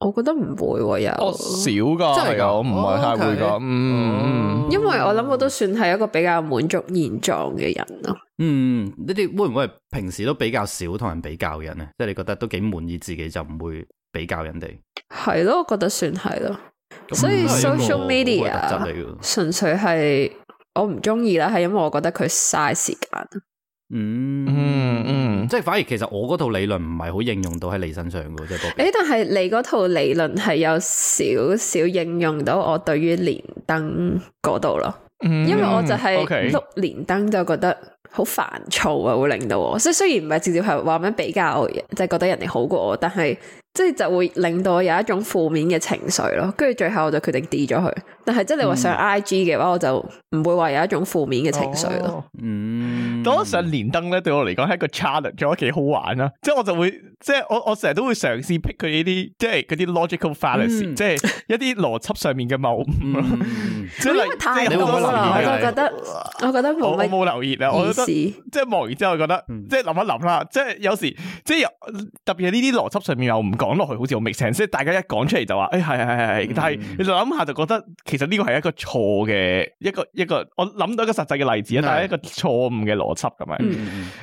[SPEAKER 2] 我覺得唔會、啊、有少噶，哦、真係噶，我唔係太會噶，Okay. 嗯、因為我諗我都算係一個比較滿足現狀嘅人咯、啊。嗯，你
[SPEAKER 3] 哋會唔會平時都比較少同人比較人咧？即、就、係、是、你覺得都幾滿意自己就唔會比較人哋？
[SPEAKER 2] 係咯，我覺得算係咯。
[SPEAKER 3] 所以 social media
[SPEAKER 2] 純粹係我唔中意啦係因為我覺得佢嘥時間、
[SPEAKER 3] 嗯。嗯嗯即係反而其實我嗰套理論唔係好應用到喺你身上嘅，即
[SPEAKER 2] 係誒，但係你嗰套理論係有少少應用到我對於連登嗰度咯。
[SPEAKER 4] 因為我就係碌
[SPEAKER 2] 連登就覺得好煩躁啊，會令到我。所以雖然唔係直接係話咩比較，即係覺得人哋好過我，但係。即係就會令到我有一種負面嘅情緒咯，跟住最後我就決定 delete 咗佢。但係即係你話上 IG 嘅話，嗯、我就唔會話有一種負面嘅情緒咯、哦。嗯，
[SPEAKER 1] 多、嗯、上連登咧，對我嚟講係一個 challenge，覺得幾好玩啦、啊，即係我就會。即係我我成日都會嘗試 pick 佢呢啲即係嗰啲 logical fallacy，即係一啲邏輯上面嘅謬誤，
[SPEAKER 2] 即係太，你可唔我就覺得，我覺得冇。我冇留意啊！我覺得即
[SPEAKER 1] 係望完之後覺得，即係諗一諗啦。即係有時，即係特別係呢啲邏輯上面又唔講落去，好似好未成。即係大家一講出嚟就話，誒係係係係，但係你就諗下，就覺得其實呢個係一個錯嘅一個一個，我諗到一個實際嘅例子，但係一個錯誤嘅邏輯咁樣。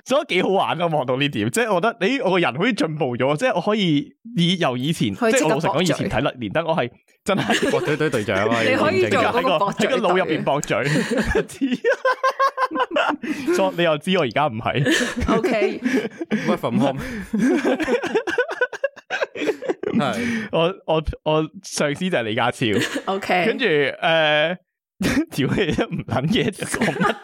[SPEAKER 1] 所以幾好玩啊！望到呢點，即係我覺得，你我個人可以無咗，即係我可以以由以前，以即係我老實講以前睇啦，連得我係真係國隊隊隊長啊！你可以做一個喺個喺個腦入邊駁嘴，知， 你又知我而家唔係。
[SPEAKER 4] OK，work from home。係，
[SPEAKER 1] 我我我上司就係李家超。OK，跟住誒。呃
[SPEAKER 3] 屌戲都唔諗嘢，
[SPEAKER 4] 講乜嘢撲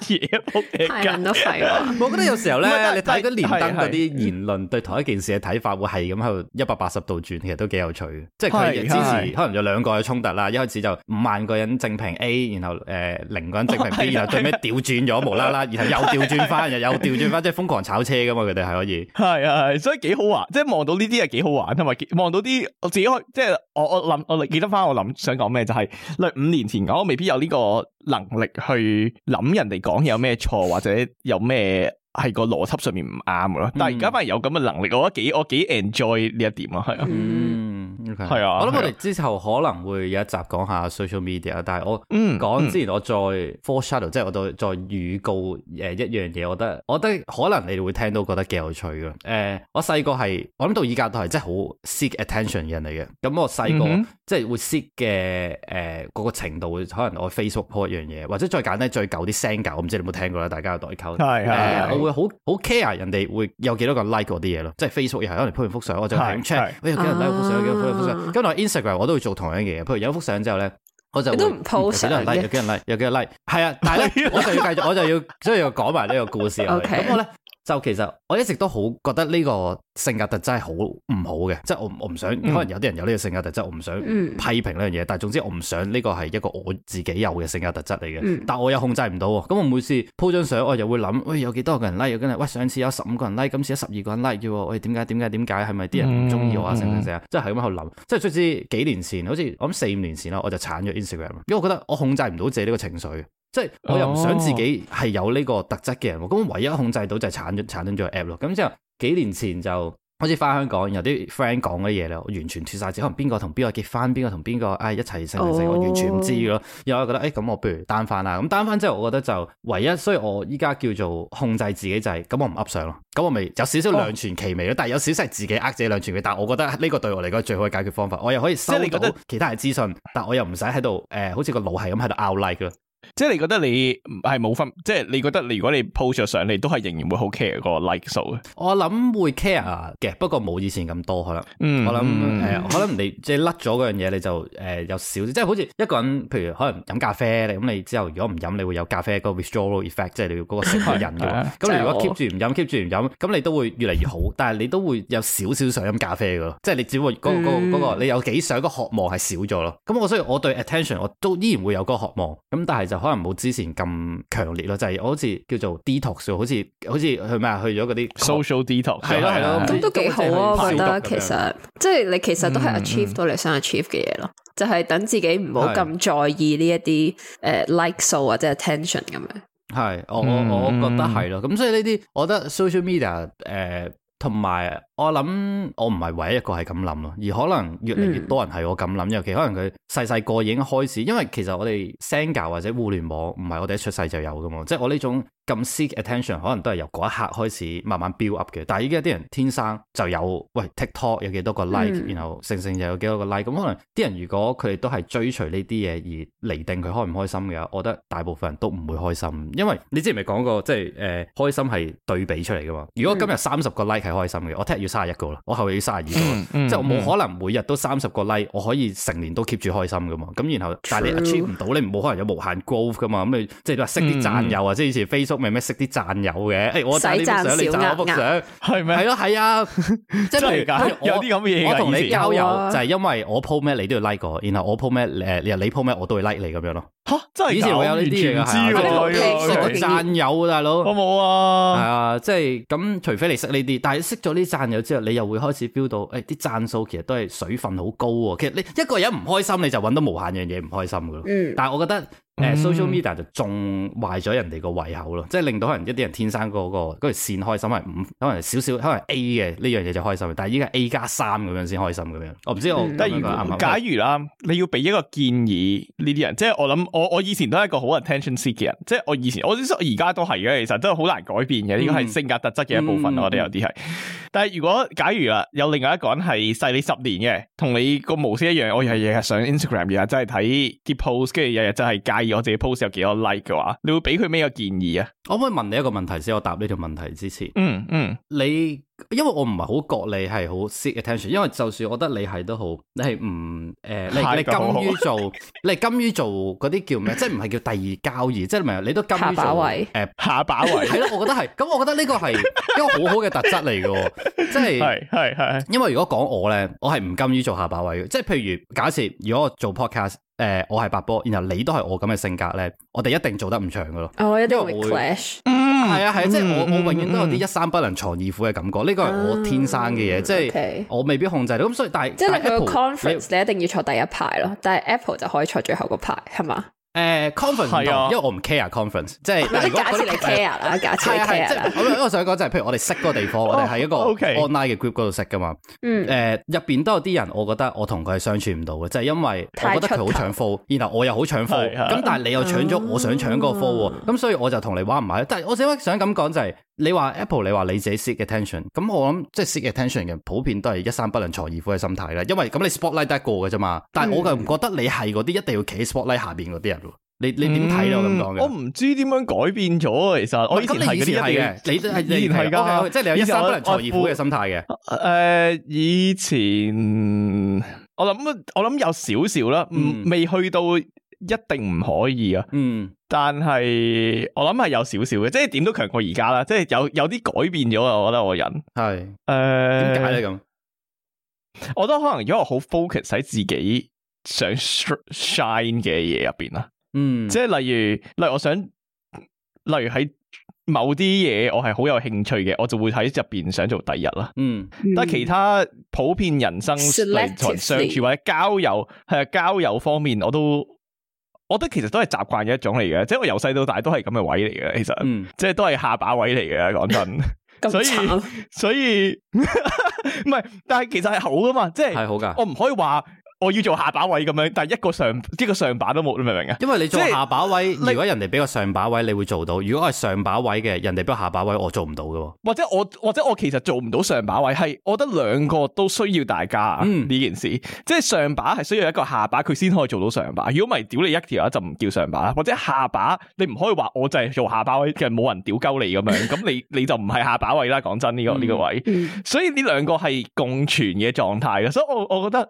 [SPEAKER 4] 街。
[SPEAKER 1] 係 啊， 都係。
[SPEAKER 4] 我覺
[SPEAKER 1] 得有時候
[SPEAKER 3] 咧，你睇咗連登嗰啲言論，對同一件事嘅睇法，會係咁喺度一百八十度轉，其實都幾有趣。即係佢支持，可能有兩個嘅衝突啦。一開始就五萬個人正評 A，然後誒零個人正評 B，然後最尾調轉咗，無啦啦，然後又調轉翻，又轉又調轉翻，即係瘋狂炒車噶嘛。佢哋係可以。係啊，所以幾好玩。即係望到呢啲係幾好玩，同埋望到啲
[SPEAKER 1] 我自己即係我我諗我，我記得翻我諗想講咩就係，例如五年前我未必有呢個。我能力去諗人哋講有咩錯，或者有咩？係個邏輯上面唔啱咯，但係而家咪有咁嘅能力，我覺得幾我幾 enjoy 呢一點咯，係啊，係啊，我諗我哋
[SPEAKER 3] 之後可能會有一集講下 social media，但係我講之前我再 foreshadow，即係我再再預告誒一樣嘢，我覺得我覺得可能你哋會聽到覺得幾有趣嘅，誒，我細個係我諗到而家都係即係好 seek attention 人嚟嘅，咁我細個即係會 seek 嘅誒嗰個程度，可能我 Facebook 一樣嘢，或者再簡單再舊啲 send 狗，唔知你有冇聽過咧，大家有代溝係係。好好 care 人哋會有幾多個 like 嗰啲嘢咯，即係 Facebook 又係可能鋪完幅相，我就係咁 check，、哎、有幾人 like 幅相，又幾人 like 幅相。跟住我、啊、Instagram 我都會做同樣嘅嘢，譬如有一幅相之後咧，我就都唔 post, S、嗯、有幾人 like，有幾人 like，有幾人 like，係 啊。但係咧， 我就要繼續，我就要所以要講埋呢個故事。咁 Okay. 我咧。就其實我一直都好覺得呢個性格特質係好唔好嘅，即、就、係、是、我我唔想可能有啲人有呢個性格特質，我唔想批評呢樣嘢，但係總之我唔想呢個係一個我自己有嘅性格特質嚟嘅，嗯、但我又控制唔到喎。咁我每次 po 張相，我又會諗，喂、哎、有幾多個人 like 啊、哎，今日喂上次有十五個人 like，今次有十二個人 like 嘅、哎，喂點解點解點解係咪啲人唔中意我啊？成唔成啊？即係咁喺度諗，即係直至，幾年前，好似我諗四五年前啦，我就鏟咗 Instagram，因為我覺得我控制唔到自己呢個情緒。即係我又唔想自己係有呢個特質嘅人，咁、哦、唯一控制到就係產產咗呢個 app 咯。咁之後幾年前就開始翻香港，有啲 friend 講嘅嘢咧，我完全脫晒節。可能邊個同邊個結婚，邊個同邊個哎一齊成成，我完全唔知咯。哦、然後我覺得誒咁、哎、我不如單翻啊。咁單翻之後，我覺得就唯一，所以我依家叫做控制自己就係、是、咁，我唔 up 上咯。咁我咪有少少兩全其美咯。哦、但係有少少係自己呃自己兩全美，但係我覺得呢個對我嚟講最好嘅解決方法，我又可以收到其他人資訊，但我又唔使喺度誒，好似個腦係咁喺度 out like 咯。
[SPEAKER 1] 即係你覺得你係冇分，即係你覺得你如果你 po 咗上，你都係仍然會好 care 個
[SPEAKER 3] like 數嘅。我諗會 care 嘅，不過冇以前咁多可能。嗯、我諗誒、呃，可能你即係甩咗嗰樣嘢，你就誒有、呃、少少，即係好似一個人，譬如可能飲咖啡，你咁你之後如果唔飲，你會有咖啡個 withdrawal effect，即係你要嗰個成個人嘅。咁、 啊、你如果 keep 住唔飲，keep 住唔飲，咁你都會越嚟越好，但係你都會有少少想飲咖啡嘅咯。即係你只不過嗰、那個你有幾想、那個渴望係少咗咯。咁我所以我對 attention 我都依然會有嗰個渴望，咁但係。就可能冇之前咁強烈咯，就係我好似叫做 detox，好似好似去咩去咗嗰啲 social detox，係咯係咯，咁都幾好啊！我覺得其實
[SPEAKER 2] 即係你其實都係 achieve 到你想 achieve 嘅嘢咯，就係等自己唔好咁在意呢一啲誒 like 數或者 attention 咁樣。
[SPEAKER 3] 係，我我我覺得係咯，咁
[SPEAKER 2] 所以呢啲，我覺得
[SPEAKER 3] social media 誒同埋。我諗我唔係唯一一個係咁諗咯，而可能越嚟越多人係我咁諗，尤其可能佢細細個已經開始，因為其實我哋社交或者互聯網唔係我哋一出世就有噶嘛，即係我呢種咁 seek attention 可能都係由嗰一刻開始慢慢 build up 嘅。但係依家啲人天生就有，喂，TikTok 有幾多個 like，、嗯、然後成成又有幾多個 like，咁、嗯嗯嗯、可能啲人如果佢哋都係追隨呢啲嘢而嚟定佢開唔開心嘅，我覺得大部分人都唔會開心，因為你之前咪講過，即係誒開心係對比出嚟噶嘛。如果今日三十個 like 係開心嘅，我睇、嗯卅一個啦，我後尾卅二個，即係我冇可能每日都三十個 like，我可以成年都 keep 住開心噶嘛？咁然後，但係你追唔到咧，冇可能有無限 growth 噶嘛？咁你即係話識啲讚友啊，即係以前 Facebook 咪咩識啲讚友嘅？我讚你幅相，你讚我幅相，係咪？係咯，係啊，真係有啲咁嘅嘢。我同你交友就係因為我 po 咩你都要 like 個，然後我 po 咩誒你 po 咩我都會 like 你咁樣咯。吓，係以前我有呢啲嘢，嘅，識啲讚友大佬。我冇啊，係啊，即係咁，除非你識呢啲，但係識咗啲讚友。之後你又會開始 feel 到，誒、哎，啲讚數其實都係水分好高喎。其實你一個人唔開心，你就搵到無限樣嘢唔開心噶咯。嗯，但係我覺得。誒，social media 就種壞咗人哋個胃口咯，即係令到可能一啲人天生嗰個，嗰條綫開心係五，可能少少，可能 A 嘅呢樣嘢就開心，但係依家 A 加三咁樣先開心咁樣。我唔知我得如，假
[SPEAKER 1] 如啦，你要俾一個建議呢啲人，即係我諗我我以前都係一個好 attention seeker，即係我以前我而家都係嘅，其實都好難改變嘅，呢個係性格特質嘅一部分，我哋有啲係。但係如果假如啊，有另外一個人係細你十年嘅，同你個模式一樣，我日日上 Instagram，日日真係睇啲 post，跟住日日真係介。我自己
[SPEAKER 3] post 有幾多 like 嘅話，你會俾佢咩嘅建議啊？我可唔可以問你一個問題先，我答呢條問題之前，嗯嗯、mm，hmm. 你因為我唔係好覺你係好 seek attention，因為就算我覺得你係都好，你係唔誒，uh, 你你甘於做，你甘於做嗰啲 叫咩？即係唔係叫第二交易？即係唔係？你都甘於下把位。誒，uh, 下把位係咯， 我覺得係。咁我覺得呢個係一個好好嘅特質嚟嘅，即係係係。 因為如果講我咧，我係唔甘於做下把位嘅，即係譬如假設如果我做 podcast。誒，我係白波，然後你都係我咁嘅性格咧，我哋一定做得唔長噶咯，我一定 Clash，
[SPEAKER 4] 係啊係啊，即係我我永遠都有啲一山
[SPEAKER 3] 不能藏二虎嘅感覺，呢個係我天生嘅嘢，即係我未必控制到，咁所以但係，即係佢個 conference
[SPEAKER 2] 你一定要坐第一排咯，但係 Apple 就可以坐最後嗰排，係嘛？
[SPEAKER 3] 誒 conference 唔同，因為我唔 care conference，即係即係假設你 care 啊，假設你 care 即係，因為我想講就係，譬如我哋識嗰個地方，我哋喺一個 online 嘅 group 嗰度識噶嘛。嗯，誒入邊都有啲人，我覺得我同佢係相處唔到嘅，就係因為我覺得佢好搶 fo，然後我又好搶 fo，咁但係你又搶咗我想搶嗰個 fo 喎，咁所以我就同你玩唔埋。但係我只想咁講就係。你話 Apple，你話你自己 seek attention，咁我諗即係 s e attention 嘅，普遍都係一山不能藏二虎嘅心態啦。因為咁你 spotlight 得一嘅啫嘛，但係我就唔覺得你係嗰啲一定要企喺 spotlight 下邊嗰啲人。你你點睇咧？嗯、我咁講嘅。我唔知點樣改變咗，其實我以前嗰啲係嘅，以前係噶，即係你有一山不能藏二虎嘅心態嘅。
[SPEAKER 1] 誒，以前我諗我諗有少少啦，唔、嗯、未去到。一定唔可以啊！嗯，但係我諗係有少少嘅，即係點都強過而家啦。即係有有啲改變咗啊！我覺得我人係，誒是，點解咧咁？我覺得可能如果我好 focus 喺自己想 shine 嘅嘢入邊啦。嗯，即係例如，例如我想，例如喺某啲嘢我係好有興趣嘅，我就會喺入邊想做第一啦、嗯。嗯，但係其他普遍人生 selective 相處或者交友，係啊，交友方面我都。我覺得其實都係習慣嘅一種嚟嘅，即係我由細到大都係咁嘅位嚟嘅，其實，嗯、即係都係下巴位嚟嘅，講真 所，所以所以唔係，但係其實係好噶嘛，即係係好噶，我唔可以話。我要做下把位咁樣，但係一個上，一個上把都冇，你明唔明啊？因為你做下把
[SPEAKER 3] 位，即係如果人哋俾個上把位，你會做到；如果我係上把位嘅，人哋俾個下把位，我做唔到嘅。或者我，或者我其實做唔到上把位，係我覺得兩個都需要大家。呢、嗯、件事，
[SPEAKER 1] 即係上把係需要一個下把，佢先可以做到上把。如果唔係，屌你一條，就唔叫上把。或者下把，你唔可以話我就係做下把位， 其實冇人屌鳩你咁樣，咁你你就唔係下把位啦。講真，呢、這個呢、這個位，嗯、所以呢兩個係共存嘅狀態嘅。所以我我覺得。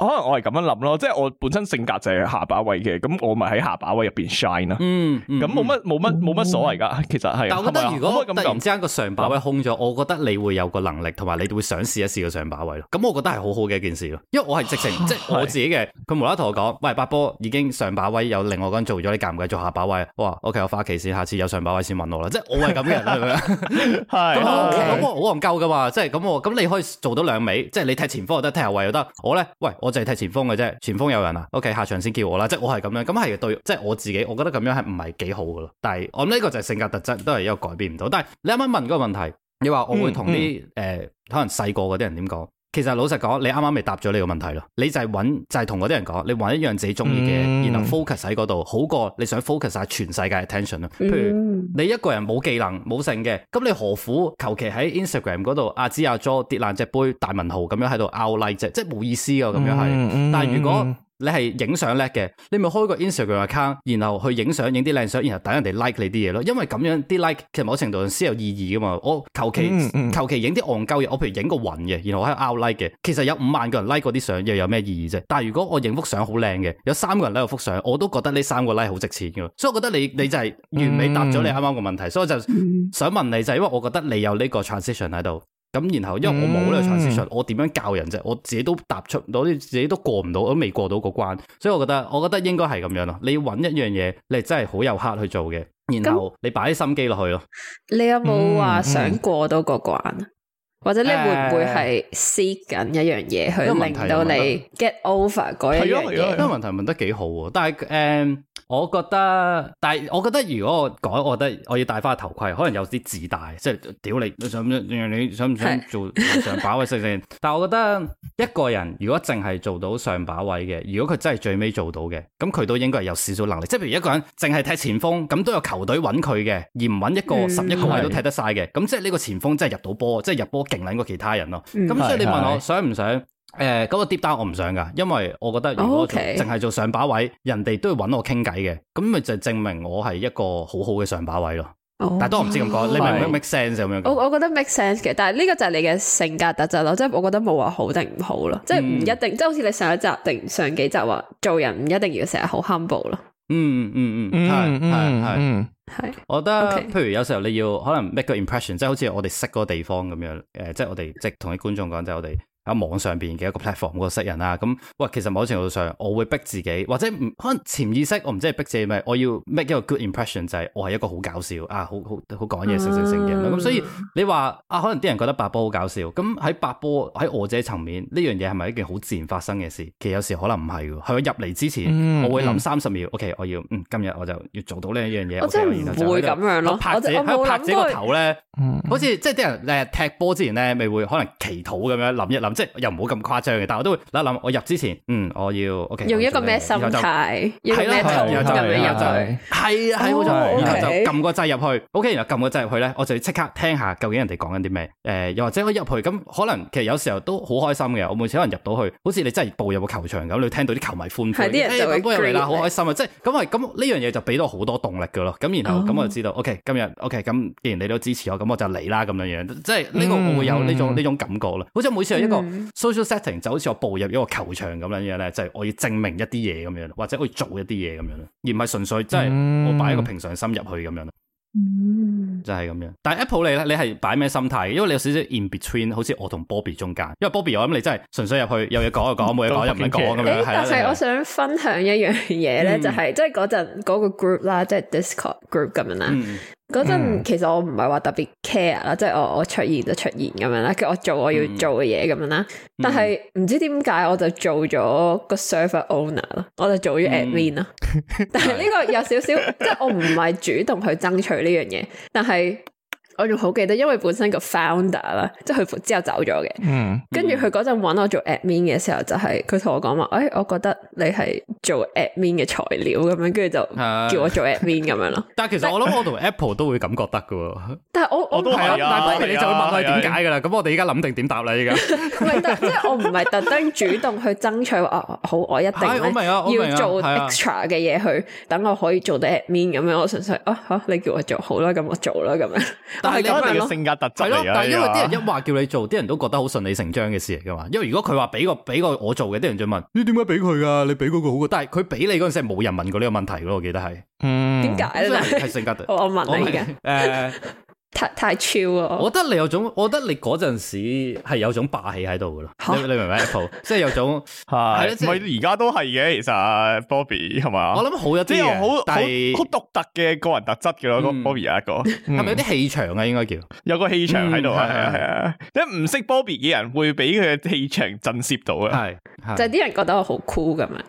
[SPEAKER 1] 可能我係咁樣諗咯，即係我本身性格就係下把位嘅，咁我咪喺下把
[SPEAKER 3] 位入邊 shine 啦。嗯，咁冇乜冇乜冇乜所謂噶，其實係。但我覺得如果突然之間個上把位空咗，我覺得你會有個能力同埋你都會想試一試個上把位咯。咁我覺得係好好嘅一件事咯，因為我係直情即係我自己嘅。佢無啦啦同我講，喂，八波已經上把位有另外個人做咗，你介唔介意做下把位？哇，OK，我花旗先，下次有上把位先問我啦。即係我係咁嘅人啦，
[SPEAKER 4] 係咪啊？
[SPEAKER 3] 咁我好戇鳩噶嘛，即係咁我咁你可以做到兩尾，即係你踢前鋒又得，踢後位又得，我咧喂我。我就係踢前鋒嘅啫，前鋒有人啦、啊。OK，下場先叫我啦，即係我係咁樣，咁係對，即係我自己，我覺得咁樣係唔係幾好噶咯。但係我呢個就係性格特質，都係一個改變唔到。但係你啱啱問嗰個問題，嗯、你話我會同啲誒，可能細個嗰啲人點講？其實老實講，你啱啱咪答咗呢個問題咯。你就係揾，就係同嗰啲人講，你揾一樣自己中意嘅，嗯、然後 focus 喺嗰度，好過你想 focus 晒全世界 attention 咯。譬如你一個人冇技能，冇成嘅，咁你何苦求其喺 Instagram 嗰度阿支、啊、阿 Jo、啊、跌爛隻杯，大文豪咁樣喺度 out like，即係即係冇意思噶咁樣係。嗯嗯、但係如果，你係影相叻嘅，你咪開個 Instagram account，然後去影相，影啲靚相，然後等人哋 like 你啲嘢咯。因為咁樣啲 like 其實某程度上先有意義㗎嘛。我求其求其影啲憨鳩嘢，我譬如影個雲嘅，然後我喺度 out like 嘅，其實有五萬個人 like 嗰啲相，又有咩意義啫？但係如果我影幅相好靚嘅，有三個人 like 幅相，我都覺得呢三個 like 好值錢嘅。所以我覺得你你就係完美答咗你啱啱個問題，嗯、所以我就想問你就係因為我覺得你有呢個 transition 喺度。咁然後因為我冇呢個常識上，嗯、我點樣教人啫？我自己都踏出唔到，我啲自己都過唔到，我都未過到個關。所以我覺得，我覺得應該係咁樣咯。你揾一樣嘢，你真係好有 heart 去做嘅，然後你擺啲心機落去咯。
[SPEAKER 2] 你有冇話想過到個關？嗯、或者你會唔會係試緊一樣嘢、呃、去令到你 get over 嗰樣嘢？呢個問
[SPEAKER 3] 題問得幾好喎！但係誒。Um, 我覺得，但係我覺得如果我改，我覺得我要戴翻頭盔，可能有啲自大，即係屌你，你想唔想，你想唔想做上把位先先？是 但係我覺得一個人如果淨係做到上把位嘅，如果佢真係最尾做到嘅，咁佢都應該係有少少能力。即係譬如一個人淨係踢前鋒，咁都有球隊揾佢嘅，而唔揾一個十一、嗯、個位都踢得晒嘅，咁是即係呢個前鋒真係入到波，即係入波勁撚過其他人咯。咁所以你問我是想唔想？誒，嗰、呃那個 deep down 我唔想噶，因為我覺得如果淨係 Okay. 做上把位，人哋都要揾我傾偈嘅，咁咪就證明我係一個好好嘅上把位咯。Okay. 但係都唔知咁講，是你明唔明 make sense 咁樣？我
[SPEAKER 2] 我覺得 make sense 嘅，但係呢個就係你嘅性格特質咯，即係我覺得冇話好定唔好咯，即係唔一定。即係好似你上一集定上幾集話，做人唔一定要成日好 humble
[SPEAKER 3] 咯、嗯。嗯嗯嗯，係係係係，是我覺得，Okay. 譬如有時候你要可能 make 個 impression，即係好似我哋識嗰個地方咁樣。誒，即係我哋即同啲觀眾講，就我哋。喺網上邊嘅一個 platform 嗰個識人啊，咁喂，其實某程度上我會逼自己，或者唔可能潛意識，我唔知係逼自己，咪我要 make 一個 good impression，就係我係一個好搞笑啊，好好好講嘢成成成嘅，咁、嗯、所以你話啊，可能啲人覺得八波好搞笑，咁喺八波喺我者層面呢樣嘢係咪一件好自然發生嘅事？其實有時可能唔係，係佢入嚟之前，嗯、我會諗三十秒、嗯、OK，我要、嗯、今日我就要做到呢一樣嘢。我真係唔會咁樣咯。OK, 就拍者喺拍者個頭咧，好似即係啲人誒踢波之前咧，咪會可能會祈禱咁樣諗一諗。即係又唔好咁誇張嘅，但係我都會諗一諗，我入之前，嗯，我要 OK，用一個咩心態，用咩心咁樣入去，
[SPEAKER 2] 係係好重要。然後就
[SPEAKER 3] 撳個掣入去，OK，然後撳個掣入去咧，我就要即刻聽下究竟人哋講緊啲咩。誒，又或者我入去咁，可能其實有時候都好開心嘅。我每次可能入到去，好似你真係步入個球場咁，你聽到啲球迷歡呼，誒，更多入嚟啦，好開心啊！即係咁啊，咁呢樣嘢就俾到好多動力㗎咯。咁然後咁我就知道，OK，今日 OK，咁既然你都支持我，咁我就嚟啦咁樣樣。即係呢個我會有呢種呢種感覺咯，好似每次有一個。Mm hmm. social setting 就好似我步入一個球場咁樣嘅咧，就係、是，我要證明一啲嘢，咁樣，或者我要做一啲嘢咁樣，而唔係純粹即係我擺一個平常心入去咁樣咯，mm
[SPEAKER 4] hmm.
[SPEAKER 3] 就係咁樣。但係 Apple 你咧，你係擺咩心態？因為你有少少 in between，好似我同 Bobby 中間。因為 Bobby 我諗你真係純粹入去有嘢講就講，冇嘢講就唔講咁樣。但係我
[SPEAKER 2] 想分享一樣嘢咧，就係即係嗰陣嗰個 group 啦，即係 Discord group 咁樣啦。Hmm. 嗰陣其實我唔係話特別 care 啦、mm.，即係我我出現就出現咁樣啦，跟住我做我要做嘅嘢咁樣啦。但係唔知點解我就做咗個 server owner 囉，我就做咗 admin 囉。Mm. 但係呢個有少少， 即係我唔係主動去爭取呢樣嘢，但係。我仲好記得，因為本身個 founder 啦，即係佢之後走咗嘅。嗯。跟住佢嗰陣揾我做 admin 嘅時候，就係佢同我講話，誒，我覺得你係做 admin 嘅材料咁樣，跟住就叫我做 admin
[SPEAKER 3] 咁樣咯。但係其實我諗，我同 Apple 都會咁覺得㗎喎。
[SPEAKER 2] 但係我我都係啊，不如你就會問佢點解㗎
[SPEAKER 3] 啦。咁我哋而家諗定點答啦？依家
[SPEAKER 2] 唔係，即係我唔係特登主動去爭取。哦，好，我一定要做 extra 嘅嘢去等我可以做到 admin 咁樣。我純粹啊嚇，你叫我做好啦，咁我做啦咁樣。係你哋嘅性
[SPEAKER 3] 格特質嚟噶，但因為啲人一話叫你做，啲 人都覺得好順理成章嘅事嚟噶嘛。因為如果佢話俾個俾個我做嘅，啲人就問： 你點解俾佢噶？你俾嗰個好過？但係佢俾你嗰陣時，冇人問過呢個問題咯。我記得係，點解咧？係性格特， 我問你嘅。問
[SPEAKER 2] 太太超啊！我覺得
[SPEAKER 3] 你有種，我覺得你嗰陣時係有種霸氣喺度噶啦，你明唔明？Apple 即係有種係，咪而家都係嘅，其實 Bobby 係嘛？我諗好有啲即係好
[SPEAKER 1] 好獨特嘅個人特質嘅咯，Bobby 有一個係咪有啲氣
[SPEAKER 3] 場啊？應該叫有個
[SPEAKER 2] 氣場喺度，係啊係啊！
[SPEAKER 1] 即係唔識 Bobby 嘅人會俾佢氣場震懾到啊！係
[SPEAKER 3] 就係
[SPEAKER 2] 啲人覺得我好 cool 咁啊！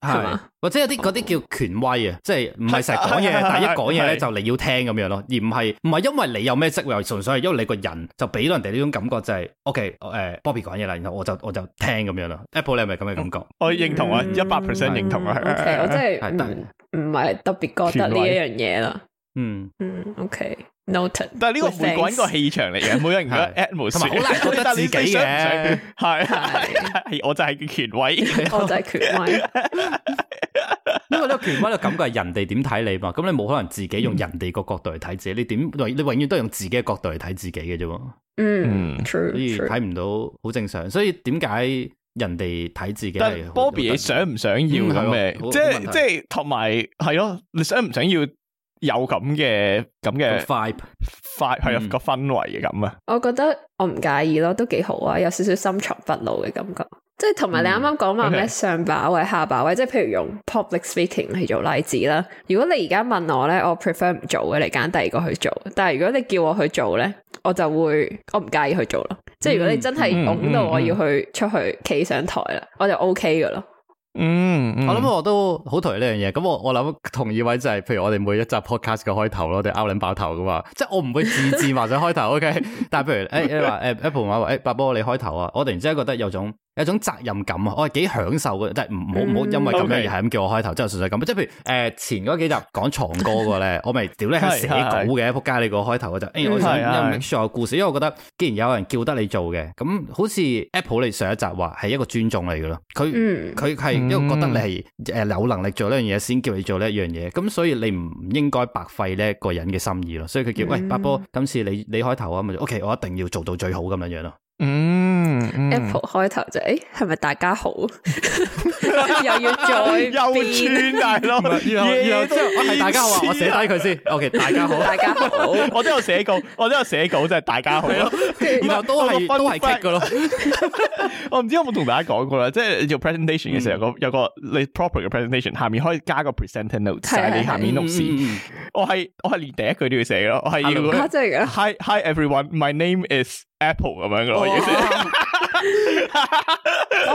[SPEAKER 2] 係或者有啲
[SPEAKER 3] 嗰啲叫權威啊，即係唔係成日講嘢， 但係一講嘢咧就你要聽咁樣咯，而唔係唔係因為你有咩職位，純粹係因為你個人就俾人哋呢種感覺就係、是、，OK，誒、uh,，Bobby 講嘢啦，然後我就我就聽咁樣咯。Apple 你係咪咁嘅感覺、嗯？我認同啊，一百 percent 認同啊，我即係唔
[SPEAKER 2] 唔係特別覺得呢一威樣嘢啦。嗯嗯，OK。但係呢個每個人個氣
[SPEAKER 1] 場嚟嘅，冇個人係 at 模式，唔係好難。但係你想係係係，我就係
[SPEAKER 3] 叫權威，
[SPEAKER 2] 我就係權威。
[SPEAKER 3] 因為呢個權威嘅感覺係人哋點睇你嘛，咁你冇可能自己用人哋個角度嚟睇自己，你點你永遠都係用自己嘅角度嚟睇自己嘅啫。嗯，睇唔到好正常。所以點解人哋睇自己？Bobby
[SPEAKER 1] 你想唔想要咁嘅？即係即係
[SPEAKER 3] 同埋係咯，
[SPEAKER 1] 你想唔想要？有咁嘅咁嘅 vibe，vibe 係啊，個氛圍嘅
[SPEAKER 2] 咁啊，我覺得我唔介意咯，都幾好啊，有少少深藏不露嘅感覺，即係同埋你啱啱講話咩上把位下把位，Okay. 即係譬如用 public speaking 去做例子啦。如果你而家問我咧，我 prefer 唔做嘅，你揀第二個去做。但係如果你叫我去做咧，我就會我唔介意去做咯。嗯、即係如果你真係拱到我要去出去企上台啦，嗯嗯嗯、我就 OK 噶啦。
[SPEAKER 3] 嗯、mm hmm.，我諗我都好同意呢樣嘢。咁我我諗同意位就係，譬如我哋每一集 podcast 嘅開頭咯，我哋拗捻爆頭噶嘛。即係我唔會自薦或者開頭 ，OK。但係譬如誒、欸，你話誒、欸，Apple Mac 話誒 Bobo 你開頭啊，我突然之間覺得有種有種責任感啊！我係幾享受嘅，即係唔好唔好因為咁樣而係咁叫我開頭，mm, okay. 真係純粹咁。即係譬如誒前嗰幾集講藏歌嘅咧， 我咪屌你係寫稿嘅，仆街你個開頭嗰集。誒 是是、哎，我想因為有故事，因為我覺得既然有人叫得你做嘅，咁好似 Apple 你上一集話係一個尊重嚟嘅咯。佢佢係因為覺得你係誒有能力做呢樣嘢，先叫你做呢一樣嘢。咁所以你唔應該白費呢個人嘅心意咯。所以佢叫、mm. 喂，八哥，今次你你開頭啊嘛？OK，我一定要做到最好咁樣樣咯。嗯。Mm. Apple
[SPEAKER 2] 開頭就誒，係咪大家好？
[SPEAKER 4] 又要再又轉大咯。
[SPEAKER 3] 然後之後
[SPEAKER 4] 我
[SPEAKER 1] 後係大家好，我寫低佢先。OK，大家好，大家好。我都有寫稿，我都有寫稿，即係大
[SPEAKER 4] 家好。
[SPEAKER 3] 然後都係都係 K 嘅
[SPEAKER 1] 咯。我唔知有冇同大家講過啦，即係做 presentation 嘅時候，有個你 proper 嘅 presentation，下面可以加個 present note 就喺你下面度先。我係我係連第一句都要寫咯。我係要，Hi Hi everyone，my name is。apple 咁樣咯，我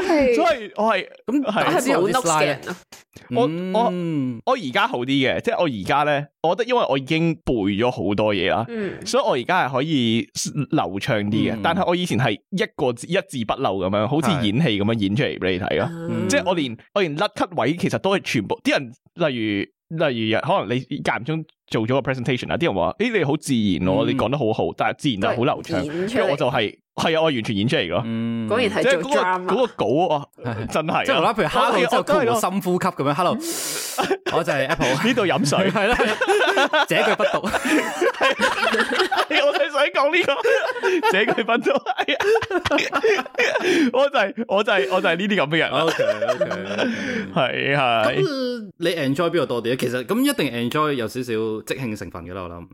[SPEAKER 1] 係、就是，我係，我係咁係少我我我而家好啲嘅，即係我而家咧，我覺得，因為我已經背咗好多嘢啦，嗯，所以我而家係可以流暢啲嘅。嗯、但係我以前係一個字一字不漏咁樣，好似演戲咁樣演出嚟俾你睇咯。即係、嗯、我連我連甩咳位，其實都係全部啲人，例如例如可能你間唔中。做咗個 presentation 啊，啲人話：誒、欸、你好自然哦，嗯、你講得好好，但係自然又好流暢，跟住我就係、是。係啊，我完全演出嚟噶，即係嗰個稿啊，
[SPEAKER 3] 真係即係啦。譬如 Hello 之後，我深呼吸咁樣，Hello，我就係 Apple 呢度飲水，係啦，這句不讀，
[SPEAKER 4] 我係想講呢個，
[SPEAKER 3] 這句不讀，係我就係我就係我就係呢啲咁嘅人。OK OK，係係，你 enjoy 邊個多啲啊？其實咁一定 enjoy 有少少即興成分噶啦，我諗。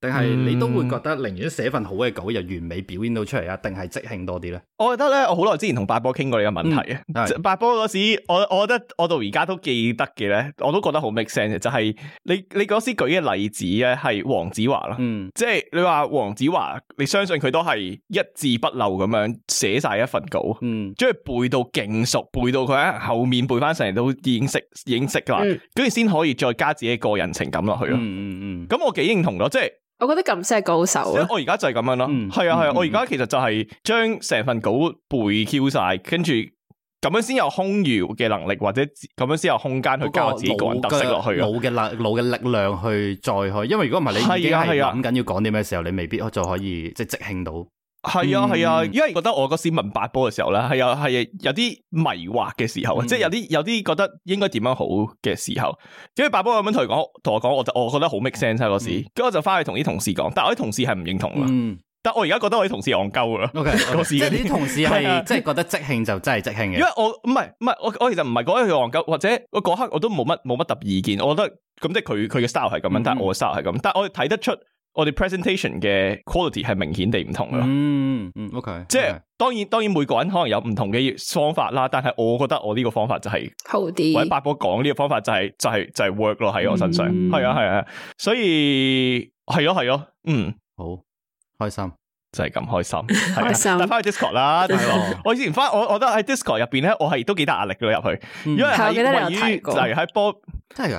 [SPEAKER 3] 定係你都會覺得，寧願寫份好嘅稿又完美表現到出嚟啊？定係即興多啲咧、嗯？
[SPEAKER 1] 我覺得咧，我好耐
[SPEAKER 3] 之前同八波傾過呢個問題啊。
[SPEAKER 1] 八波嗰時，我我覺得我到而家都記得嘅咧，我都覺得好 make sense 嘅，就係、是、你你嗰時舉嘅例子咧，係黃子華啦。嗯，即係你話黃子華，你相信佢都係一字不漏咁樣寫晒一份稿，嗯，即係背到勁熟，背到佢喺後面背翻成日都已經認識認識噶，跟住先可以再加自己個人情感落去咯。嗯嗯，咁我幾認同咯，即係。
[SPEAKER 2] 我覺得咁先係高手
[SPEAKER 1] 我而家就係咁樣咯，係啊係啊，我而家其實就係將成份稿背 Q 晒，跟住咁
[SPEAKER 3] 樣先有空餘嘅能力，或者咁樣先有空間去加自己個人特色落去。冇嘅力，腦嘅力量去再去，因為如果唔係你已經係諗緊要講啲咩嘅時候，你未必就可以,可以即,即,即,即即興到。
[SPEAKER 1] 係啊，係啊，因為覺得我嗰時問八波嘅時候咧，係又係有啲迷惑嘅時候，即係有啲有啲覺得應該點樣好嘅時候。只要八波咁樣同佢講，同我講，我就我覺得好 make sense 啊，嗰時跟住我就翻去同啲同事講，但係我啲同事係唔認同啦。但係我而家覺得我啲同事戇鳩啦。即係啲同事係即係
[SPEAKER 3] 覺得即興就真係即興
[SPEAKER 1] 嘅。因為我唔係唔係我我其實唔係講佢戇鳩，或者我嗰刻我都冇乜冇乜特別意見。我覺得咁即係佢佢嘅 style 係咁樣，但係我嘅 style 係咁，但係我睇得出。我哋 presentation 嘅 quality 係明顯地唔同啦。
[SPEAKER 3] 嗯
[SPEAKER 4] ，OK，
[SPEAKER 1] 即係當然，當然每個人可能有唔同嘅方法啦。但係我覺得我呢個方法就係
[SPEAKER 2] 好啲。同八
[SPEAKER 1] 波講呢個方法就係就係就係 work 咯喺我身上。係啊係啊，所以係咯係咯，嗯，好開心，就係咁開心。開心。但係翻去 Discord 啦，我以前翻，我我覺得喺 Discord 入邊咧，我係都幾大壓力咯入去，因為喺位於例如喺 Bob、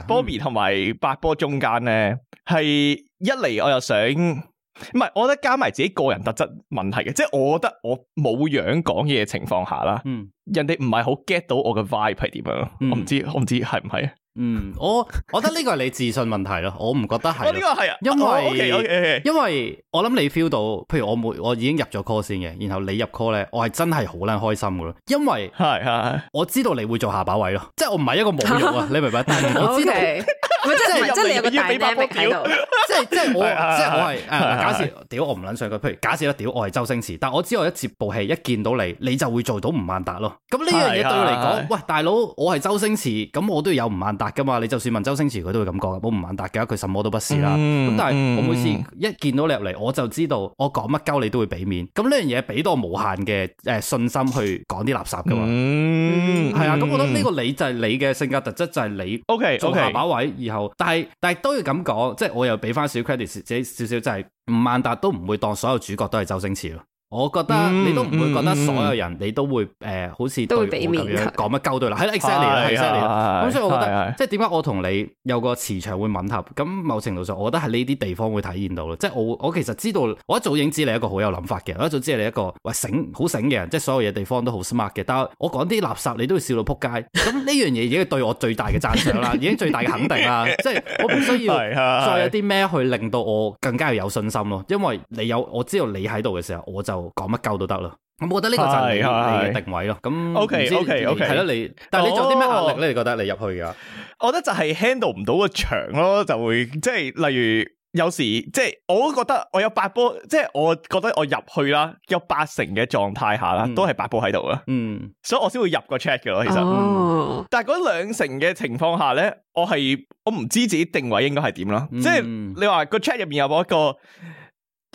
[SPEAKER 1] Bobby 同埋八波中間咧係。一嚟我又想，唔係，我覺得加埋自己個人特質問題嘅，即係我覺得我冇樣講嘢嘅情況下啦，嗯，人哋唔係好
[SPEAKER 3] get 到我嘅 vibe 係點樣咯，嗯，我唔知，我唔知係唔係。嗯，我我覺得呢個係你自信問題咯，我唔覺得係。呢個係啊，因為因為我諗你 feel 到，譬如我沒我已經入咗 call 先嘅，然後你入 call 咧，我係真係好撚開心噶咯，因為係係，我知道你會做下把位咯，即係我唔係一個侮辱啊，你明白？我知唔
[SPEAKER 4] 係即係即係你有個即係即我即係我係假設
[SPEAKER 3] 屌我唔撚想佢，譬如假設咧屌我係周星馳，但我知我一接部戲一見到你，你就會做到吳孟達咯，咁呢樣嘢對我嚟講，喂大佬我係周星馳，咁我都有吳孟達。噶嘛，你就算問周星馳佢都會咁講，冇吳孟達嘅佢什麼都不是啦。咁、嗯、但係我每次一見到你入嚟，我就知道我講乜鳩你都會俾面。咁呢樣嘢俾到我無限嘅誒信心去講啲垃圾噶嘛。係、嗯嗯嗯、啊，咁我覺得呢個你就係你嘅性格特質，就係、是、你做位以 OK OK。把位然後，但係但係都要咁講，即係我又俾翻少 credit 自己少少，就係吳孟達都唔會當所有主角都係周星馳咯。我覺得你都唔會覺得所有人你都會誒，好似都俾面講乜鳩，對啦，係啦 exactly 咁所以我覺得即係點解我同你有個磁場會吻合？咁某程度上，我覺得喺呢啲地方會體現到咯。即係我我其實知道，我一早已經知你一個好有諗法嘅，我一早知係你一個喂醒好醒嘅人，即係所有嘢、地方都好 smart 嘅。但我講啲垃圾，你都會笑到扑街。咁呢樣嘢已經對我最大嘅讚賞啦，已經最大嘅肯定啦。即係我唔需要再有啲咩去令到我更加要有信心咯。因為你有我知道你喺度嘅時候，我就。講乜鳩都得咯，我冇覺得呢個就係你嘅定位咯。咁，ok ok ok 係咯你，但係你做啲咩壓力咧？你覺得你入去噶？我覺得就係 handle 唔到個場咯，
[SPEAKER 1] 就會即係、就是、例如有時即係、就是、我都覺得我有八波，即、就、係、是、我覺得我入去啦，有八成嘅狀態下啦，都係八波喺度啦。嗯，所以我先會入個 check 噶咯。其實，哦嗯、但係嗰兩成嘅情況下咧，我係我唔知自己定位應該係點咯。即係你話個 check 入面有冇一個。嗯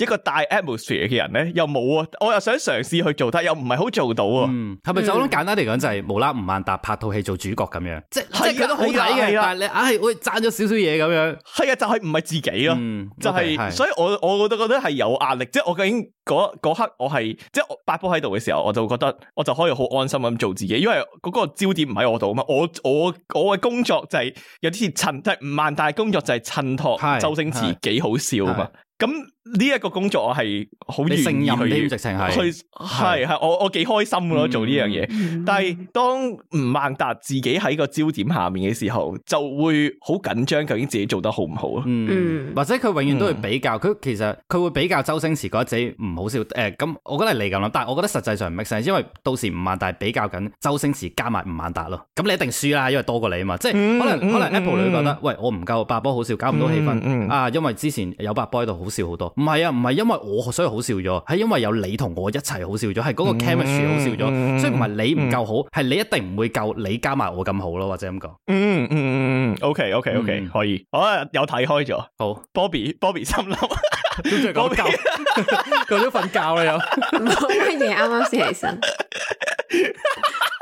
[SPEAKER 1] 一個大 atmosphere 嘅人
[SPEAKER 3] 咧，又冇啊！我又想嘗試去做，但又唔係好做到啊。係咪就好簡單嚟講，就係無啦啦吳孟達拍套戲做主角咁樣？即係佢都好抵嘅，但係你硬係會賺咗少少嘢咁樣。係啊，就係唔係自己咯？就係，所以我我我都覺得係有壓力。即係我究竟
[SPEAKER 1] 嗰刻，我係即係八波喺度嘅時候，我就覺得我就可以好安心咁做自己，因為嗰個焦點唔喺我度啊嘛。我我我嘅工作就係有啲似襯，即係吳孟達嘅工作就係襯托周星馳幾好笑啊嘛。咁呢一個工作我係好願意去，直情係，係係我我幾開心咯、嗯、做呢樣嘢。嗯、但係當吳孟達自己喺個焦點下面嘅時候，就會好緊張，究竟自己做
[SPEAKER 3] 得好唔好啊、嗯？嗯、或者佢永遠都會比較，佢、嗯、其實佢會比較周星馳嗰陣，唔好笑誒。咁、呃、我覺得係你咁諗，但係我覺得實際上唔係，因為到時吳孟達比較緊周星馳加埋吳孟達咯，咁你一定輸啦，因為多過你啊嘛。即係可能、嗯嗯嗯、可能 Apple 你覺得，喂，我唔夠八波好笑，搞唔到氣氛啊，因為之前有八波喺度好。笑好多，唔係啊，唔係因為我所以好笑咗，係因為有你同我一齊好笑咗，係嗰個 chemistry 好笑咗，嗯、所以唔係你唔夠好，係、嗯、你一定唔會夠，你加埋我咁好咯，或者咁講、嗯。
[SPEAKER 1] 嗯嗯嗯嗯，OK OK
[SPEAKER 3] OK，、嗯、可以，好，我有睇開咗。好，Bobby Bobby 心諗，講 教，講到瞓
[SPEAKER 1] 覺啦又，
[SPEAKER 2] 冇乜嘢，啱啱先起身。剛
[SPEAKER 3] 剛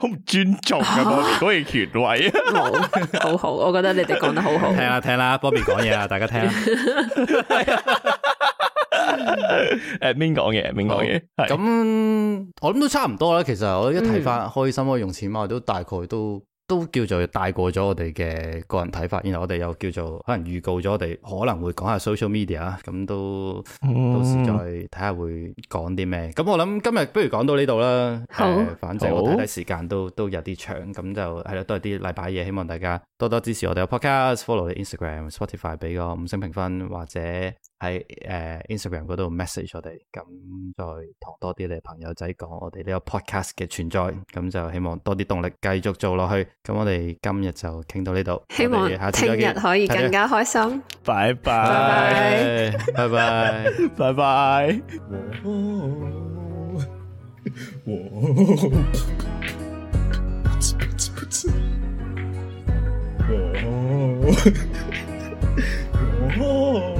[SPEAKER 3] 好唔尊重啊！嗰樣嗰樣權威、啊，冇 好，好好，我覺得你哋講得好好。聽啦，聽啦，Bobbi 講嘢啊， 大家聽啦。誒，Min 講嘢，Min 講嘢。咁好是我諗都差唔多啦。其實我一睇翻開心，可以用錢嘛，我都大概都。嗯都叫做帶過咗我哋嘅個人睇法，然後我哋又叫做可能預告咗我哋可能會講下 social media 啊，咁都、嗯、到時再睇下會講啲咩。咁我諗今日不如講到呢度啦。反正我睇睇時間都都有啲長，咁就係啦，好都係啲例牌嘢。希望大家多多支持我哋嘅 podcast，follow 好啲 Instagram、Spotify，俾個五星評分或者，喺誒，uh，Instagram 嗰度 message 我哋，咁再同多啲你朋友仔講我哋呢個 podcast 嘅存在，咁就希望多啲動力繼續做落去。咁我哋今日就傾到呢度，希望聽日可以更加開心。拜拜，拜拜，拜
[SPEAKER 4] 拜，拜拜。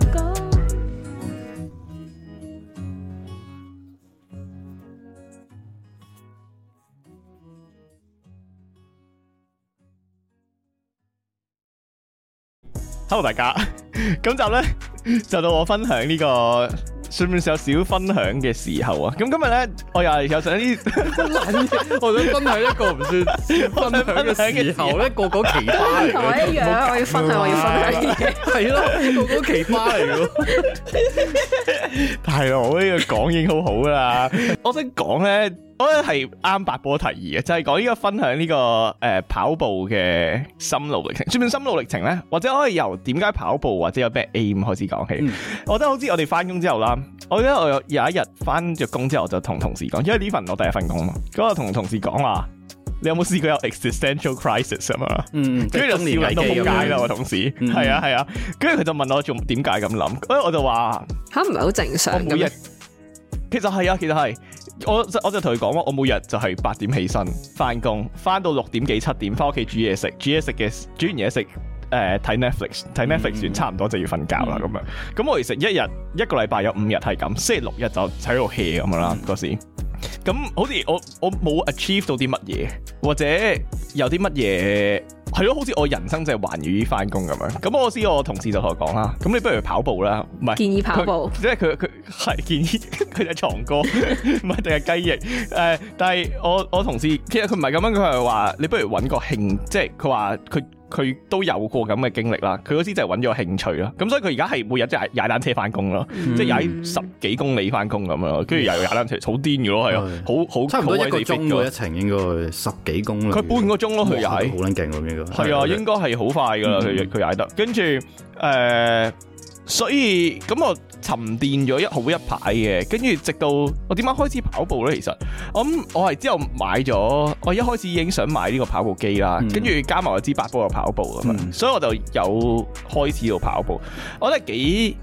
[SPEAKER 4] Hello 大家，
[SPEAKER 1] 咁就咧就到我分享呢個算唔算有少分享嘅時候啊？咁今日咧我又有想，啲，
[SPEAKER 4] 我想分享一個唔
[SPEAKER 1] 算分享嘅時候咧，
[SPEAKER 2] 個個奇葩，同我一樣，我要分享，我要分享嘅，係咯，個個奇葩嚟嘅，
[SPEAKER 1] 大佬，呢個講已經好好啦，我想講咧。我咧係啱白波提議嘅，就係講呢個分享呢個誒跑步嘅心路歷程，順便心路歷程咧，或者可以由點解跑步或者有咩 aim 開始講起。我覺得好似我哋翻工之後啦，我記得我有一日翻咗工之後，我就同同事講，因為呢份我第一份工嘛，咁我同同事講話，你有冇試過有 existential crisis 啊嘛？
[SPEAKER 2] 嗯，跟住就笑到撲街啦，我同
[SPEAKER 1] 事。係啊係啊，跟住佢就問我做點解咁諗，誒，我就話
[SPEAKER 2] 吓，唔係好正常。
[SPEAKER 1] 其實係啊，其實係。我我就同佢講，我每日就係八點起身，翻工，翻到六點幾七點，翻屋企煮嘢食，煮嘢食嘅，煮完嘢食，誒、呃、睇 Netflix，睇 Netflix 完差唔多就要瞓覺啦咁、嗯、樣。咁我其實一日一個禮拜有五日係咁，星期六日就喺度 hea 咁啦嗰時。咁好似我我冇 achieve 到啲乜嘢，或者有啲乜嘢？係咯，好似我人生就係環繞返工咁樣。咁我知我同事就同我講啦，咁你不如跑步啦，唔係建議跑步，即係佢佢係建議佢喺床哥，唔係定係雞翼？誒、呃，但係我我同事其實佢唔係咁樣，佢係話你不如搵個興，即係佢話佢。佢都有過咁嘅經歷啦，佢嗰時就係揾咗興趣咯，咁所以佢而家係每日即係踩單車翻工咯，即係踩十幾公里翻工咁樣，跟住又踩單車，
[SPEAKER 3] 好癲嘅咯，係啊，好好差唔多一個鐘嘅一程，應該十幾公里。佢半個鐘咯，佢又踩好撚勁咁樣，係啊，應
[SPEAKER 1] 該係好快嘅啦，佢佢踩得，跟住誒。所以咁我沉澱咗一好一排嘅，跟住直到我點解開始跑步呢？其實我我係之後買咗，我一開始已經想買呢個跑步機啦，跟住、嗯、加埋我支白波嘅跑步咁啊，嗯、所以我就有開始到跑步，我覺得幾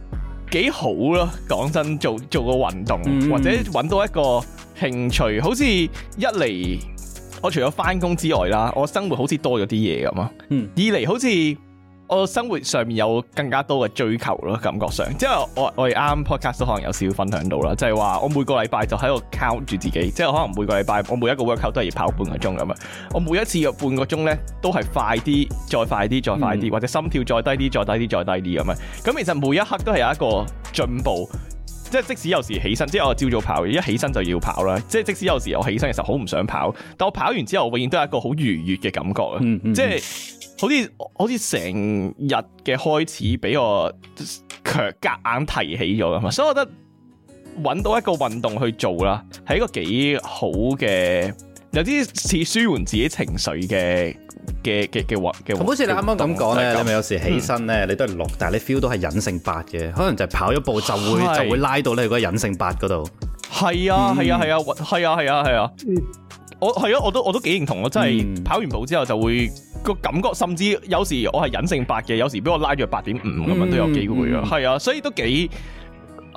[SPEAKER 1] 幾好咯。講真，做做個運動嗯嗯或者揾到一個興趣，好似一嚟我除咗翻工之外啦，我生活好似多咗啲嘢咁啊。嗯、二嚟好似。我生活上面有更加多嘅追求咯，感覺上，即係我我哋啱 podcast 都可能有少少分享到啦，就係話我每個禮拜就喺度 count 住自己，即係可能每個禮拜我每一個 workout 都係要跑半個鐘咁啊，我每一次約半個鐘咧，都係快啲，再快啲，再快啲，或者心跳再低啲，再低啲，再低啲咁啊，咁其實每一刻都係有一個進步，即係即使有時起身，即係我朝早跑，一起身就要跑啦，即係即使有時我起身嘅時候好唔想跑，但我跑完之後，永遠都係一個好愉悅嘅感覺啊， 即係。好似好似成日嘅開始俾我強夾硬提起咗嘅，所以我覺得揾到一個運動去做啦，係一個幾好嘅，有啲似舒緩自己情緒嘅嘅嘅嘅
[SPEAKER 3] 運。好似你啱啱咁講咧，你咪有，有時起身咧，嗯、你都係六，但係你 feel 都係隱性八嘅，可能就係跑一步就會就會拉到你嗰個隱性八嗰度。
[SPEAKER 1] 係啊，係啊，係啊，係、嗯、啊，係啊，係啊。我係啊！我都我都幾認同，我真係跑完步之後就會、嗰個感覺，甚至有時我係隱性八嘅，有時俾我拉住八點五咁樣都有機會啊！係、嗯、啊，所以都幾。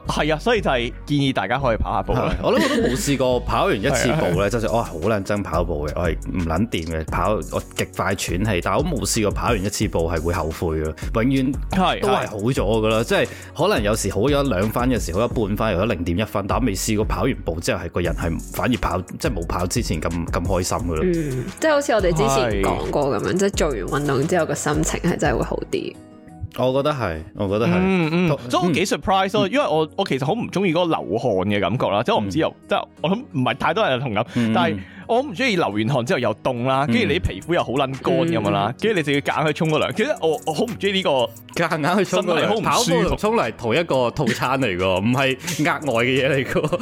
[SPEAKER 1] 係啊，所以就係建議大家可以跑下步，啊、我諗我都冇試
[SPEAKER 3] 過跑完一次步咧， 對 就算我係好撚憎跑步嘅，我係唔撚掂嘅，跑我極快喘氣，但係我冇試過跑完一次步係會後悔嘅，永遠都係好咗噶啦，對對即係可能有時好咗兩分嘅時好一半分或咗零點一分，但我未試過跑完步之後係個人係反而跑即係冇跑之前咁咁開心噶咯。
[SPEAKER 2] 即係、嗯、好似我哋之前講過咁樣，即係對 做完運動之後個心情係真係會好啲。我覺得係，
[SPEAKER 3] 我覺得係、嗯，嗯
[SPEAKER 1] 嗯，多所以我幾 surprise 咯，嗯、因為我我其實好唔中意嗰個流汗嘅感覺啦，嗯、即係我唔知又即係我諗唔係太多人同感，但係我唔中意流完汗之後又凍啦，跟住、嗯、你啲皮膚又好
[SPEAKER 3] 撚乾咁樣啦，跟住、嗯、你就要
[SPEAKER 1] 夾硬去沖個涼，嗯、其實我我好唔中意呢個夾硬，硬去沖個涼，跑步同
[SPEAKER 3] 沖涼同一個套餐嚟噶，唔係額外嘅嘢嚟噶，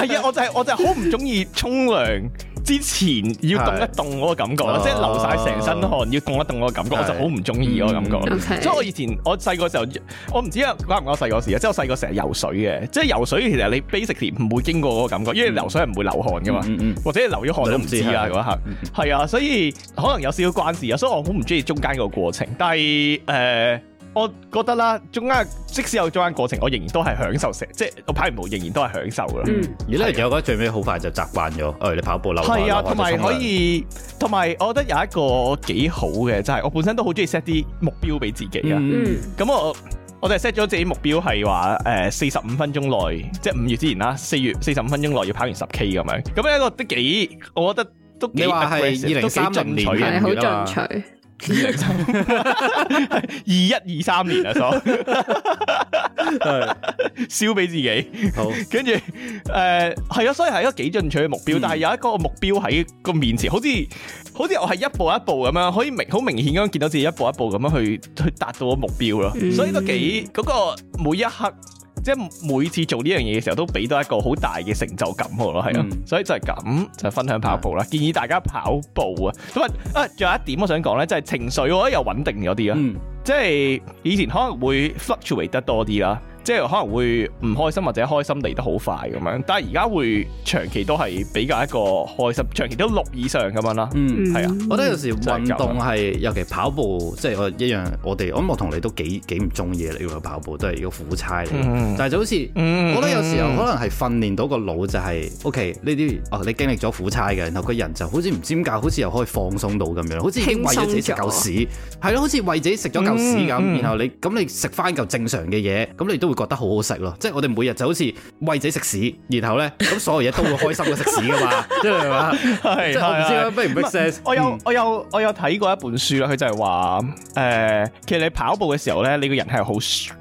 [SPEAKER 3] 係 啊，我就係、是、我就係好唔中意
[SPEAKER 1] 沖涼。之前
[SPEAKER 3] 要凍一凍嗰個感覺咯，是即係流晒
[SPEAKER 1] 成身汗， 要凍一凍嗰個感覺，是我就好唔中意嗰個感覺。即係、嗯 okay、我以前我細個時候，我唔知啊，關唔關我細個時啊？即係我細個成日游水嘅，即係游水其實你 basically 唔會經過嗰個感覺，因為游水係唔會流汗噶嘛，嗯嗯嗯、或者流咗汗都唔知啦嗰下。係啊，所以可能有少少關事啊，所以我好唔中意中間個過程，但係誒。呃我覺得啦，中間即使有中間過程，我仍然都係享受成，即係我跑完步仍然都係享受噶。而咧、嗯，我覺得最尾好快就習慣咗。誒，你跑步流。係啊，同埋、啊、可以，同埋我覺得有一個幾好嘅，嗯、就係我本身都好中意 set 啲目標俾自己啊。咁、嗯、我我就 set 咗自己目標係話誒四十五分鐘內，即係五月之前啦，四月四十五分鐘內要跑完十 K 咁樣。咁一個都幾，我覺得都幾。你話係二零三五年嘅啦嘛？都幾進取。二零二一二三年啊，所燒俾自己，好跟住誒係啊，所以係一個幾進取嘅目標，嗯、但係有一個目標喺個面前，好似好似我係一步一步咁樣，可以明好明顯咁樣見到自己一步一步咁樣去去達到個目標咯，嗯、所以都幾嗰、嗰個每一刻。即係每次做呢樣嘢嘅時候，都俾到一個好大嘅成就感嘅咯，係、嗯、啊，所以就係咁就分享跑步啦，是的 建議大家跑步啊。咁啊啊，仲有一點我想講咧，就係情緒我覺得又穩定咗啲咯，嗯、即係以前可能會 fluctuate 得多啲啦。即係可能會唔開心或者開心嚟得好快咁樣，但係而家會
[SPEAKER 3] 長期都係比較一個開心，長期都六以上咁樣啦。嗯，係啊，我覺得有時運動係尤其跑步，即係我一樣，我哋我同你都幾幾唔中意你如果跑步都係一個苦差嚟，但係就好似，我覺得有時候可能係訓練到個腦就係 OK 呢啲哦，你經歷咗苦差嘅，然後個人就好似唔知點解好似又可以放鬆到咁樣，好似為咗自己食狗屎，係咯，好似為自己食咗狗屎咁，然後你咁你食翻嚿正常嘅嘢，咁你都覺得好好食咯，即係我哋每日就好似喂仔食屎，然後咧咁所有嘢都會開心去食屎噶嘛， 即係嘛，即係唔知啊，咩我有
[SPEAKER 1] 我有我有睇過一本書啦，佢就係話誒，其實你跑步嘅時候咧，你個人係好，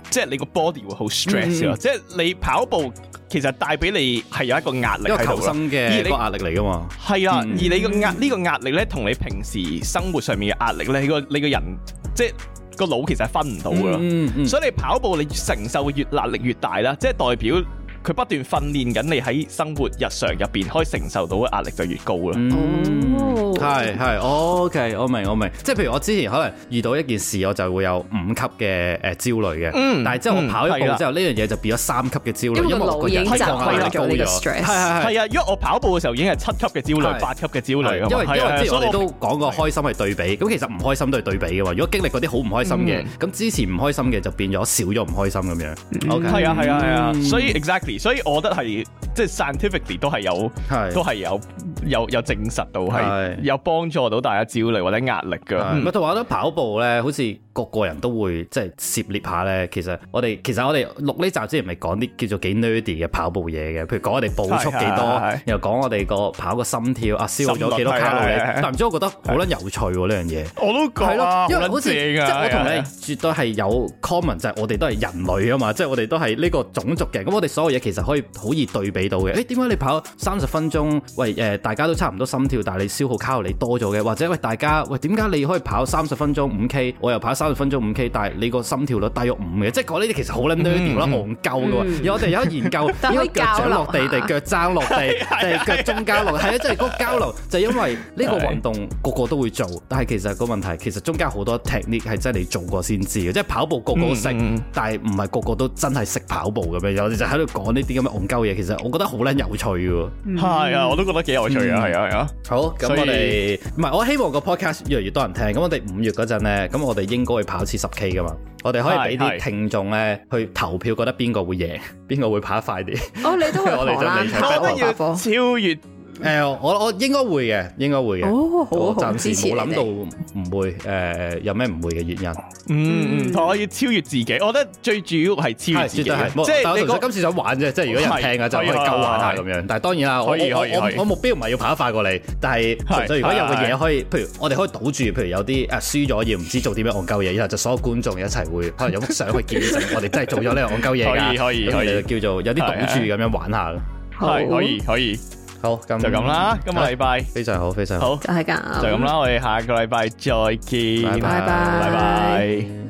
[SPEAKER 1] 即係你個 body 會好 stress 咯、嗯，即係你跑步其實帶俾你係有一個壓力，一個求生嘅呢個壓力
[SPEAKER 3] 嚟噶嘛。係啦你、
[SPEAKER 1] 嗯，而你壓、呢個壓呢個壓力咧，同你平時生活上面嘅壓力咧，你個你個人即係。個腦其實係分唔到嘅咯，嗯嗯、所以你跑步你承受嘅越壓力越大啦，即係代表。佢不斷訓練緊你喺生活日
[SPEAKER 3] 常入邊可以承受到嘅壓力就越高啦。嗯，係係。OK，我明我明。即係譬如我之前可能遇到一件事，我就會有五級嘅誒焦慮嘅。但係之後我跑一步之後，呢樣嘢就變咗三級嘅焦慮。因為我已經習慣啊，因為
[SPEAKER 1] 我跑步嘅時候已經係七級嘅焦慮，八級嘅焦慮。因為因為之前我哋都
[SPEAKER 3] 講過開心去對比。咁其實唔開心都係對比嘅嘛。如果經歷嗰啲好唔開心嘅，咁之前唔開心嘅就變咗少咗唔開心咁樣。OK。係啊係啊係啊。所以
[SPEAKER 1] exactly。所以我覺得係即係 scientificity 都係
[SPEAKER 3] 有，是都係有有有證實到係是有幫
[SPEAKER 1] 助到大家焦慮或者壓
[SPEAKER 3] 力嘅。乜同埋我覺得跑步咧，好似～個個人都會即係涉獵下呢。其實我哋其實我哋錄呢集之前咪講啲叫做幾 nerdy 嘅跑步嘢嘅，譬如講我哋步速幾多，然後講我哋個跑個心跳心率啊，消耗咗幾多卡路里。是是是但唔知我覺得好撚有趣喎呢樣嘢。是
[SPEAKER 1] 是我都講，吧因為好似即我同你
[SPEAKER 3] 絕對係有 common，就係我哋都係人類啊嘛，即、就、係、是、我哋都係呢個種族嘅。咁我哋所有嘢其實可以好易對比到嘅。誒點解你跑三十分鐘？喂誒、呃，大家都差唔多心跳，但係你消耗卡路里多咗嘅，或者喂大家喂點解你可以跑三十分鐘五 K，我又跑。三十分鐘五 K，但係你個心跳率低於五嘅。即係講呢啲其實好撚多啲調啦，戇鳩嘅。而我哋有研究，腳掌落地定腳踭落地定腳中交落？係啊，即係個交流就因為呢個運動個個都會做，但係其實個問題其實中間好多 technique 係真係你做過先知嘅，即係跑步個個識，但係唔係個個都真係識跑步咁樣。我哋就喺度講呢啲咁嘅戇鳩嘢，其實我覺得好撚有趣嘅。
[SPEAKER 1] 係啊，我都覺得
[SPEAKER 3] 幾有趣啊，係啊，係啊。好，咁我哋唔係我希望個 podcast 越嚟越多人聽。咁我哋五月嗰陣咧，咁我哋應該。都會跑次十 K 㗎嘛？我哋可以俾啲聽眾咧，去投票，覺得邊個會贏，邊個會跑得快啲。
[SPEAKER 2] 哦，你都係跑啦，超越、 哦、跑，
[SPEAKER 3] 超越。哦誒，我我應該會嘅，應該會嘅。哦，好，暫時冇諗到唔會。誒，有咩唔會嘅原因？嗯嗯，可以超越自己。我覺得最主要係超越自己。即係其實今次想玩啫，即係如果有人聽嘅就可以玩下咁樣。但係當然啦，我我我目標唔係要跑得快過你。但係如果有個嘢可以，譬如我哋可以賭住，譬如有啲誒輸咗要唔知做點樣戇鳩嘢，然後就所有觀眾一齊會可能有幅相去見證我哋真係做咗呢個戇鳩嘢。可以可以可以，叫做有啲賭注咁樣玩下咯。可以可以。
[SPEAKER 1] 好，就咁啦，今個禮拜非常好，非常好，好，就係咁，就咁啦，我哋下個禮拜再見，拜拜，拜拜。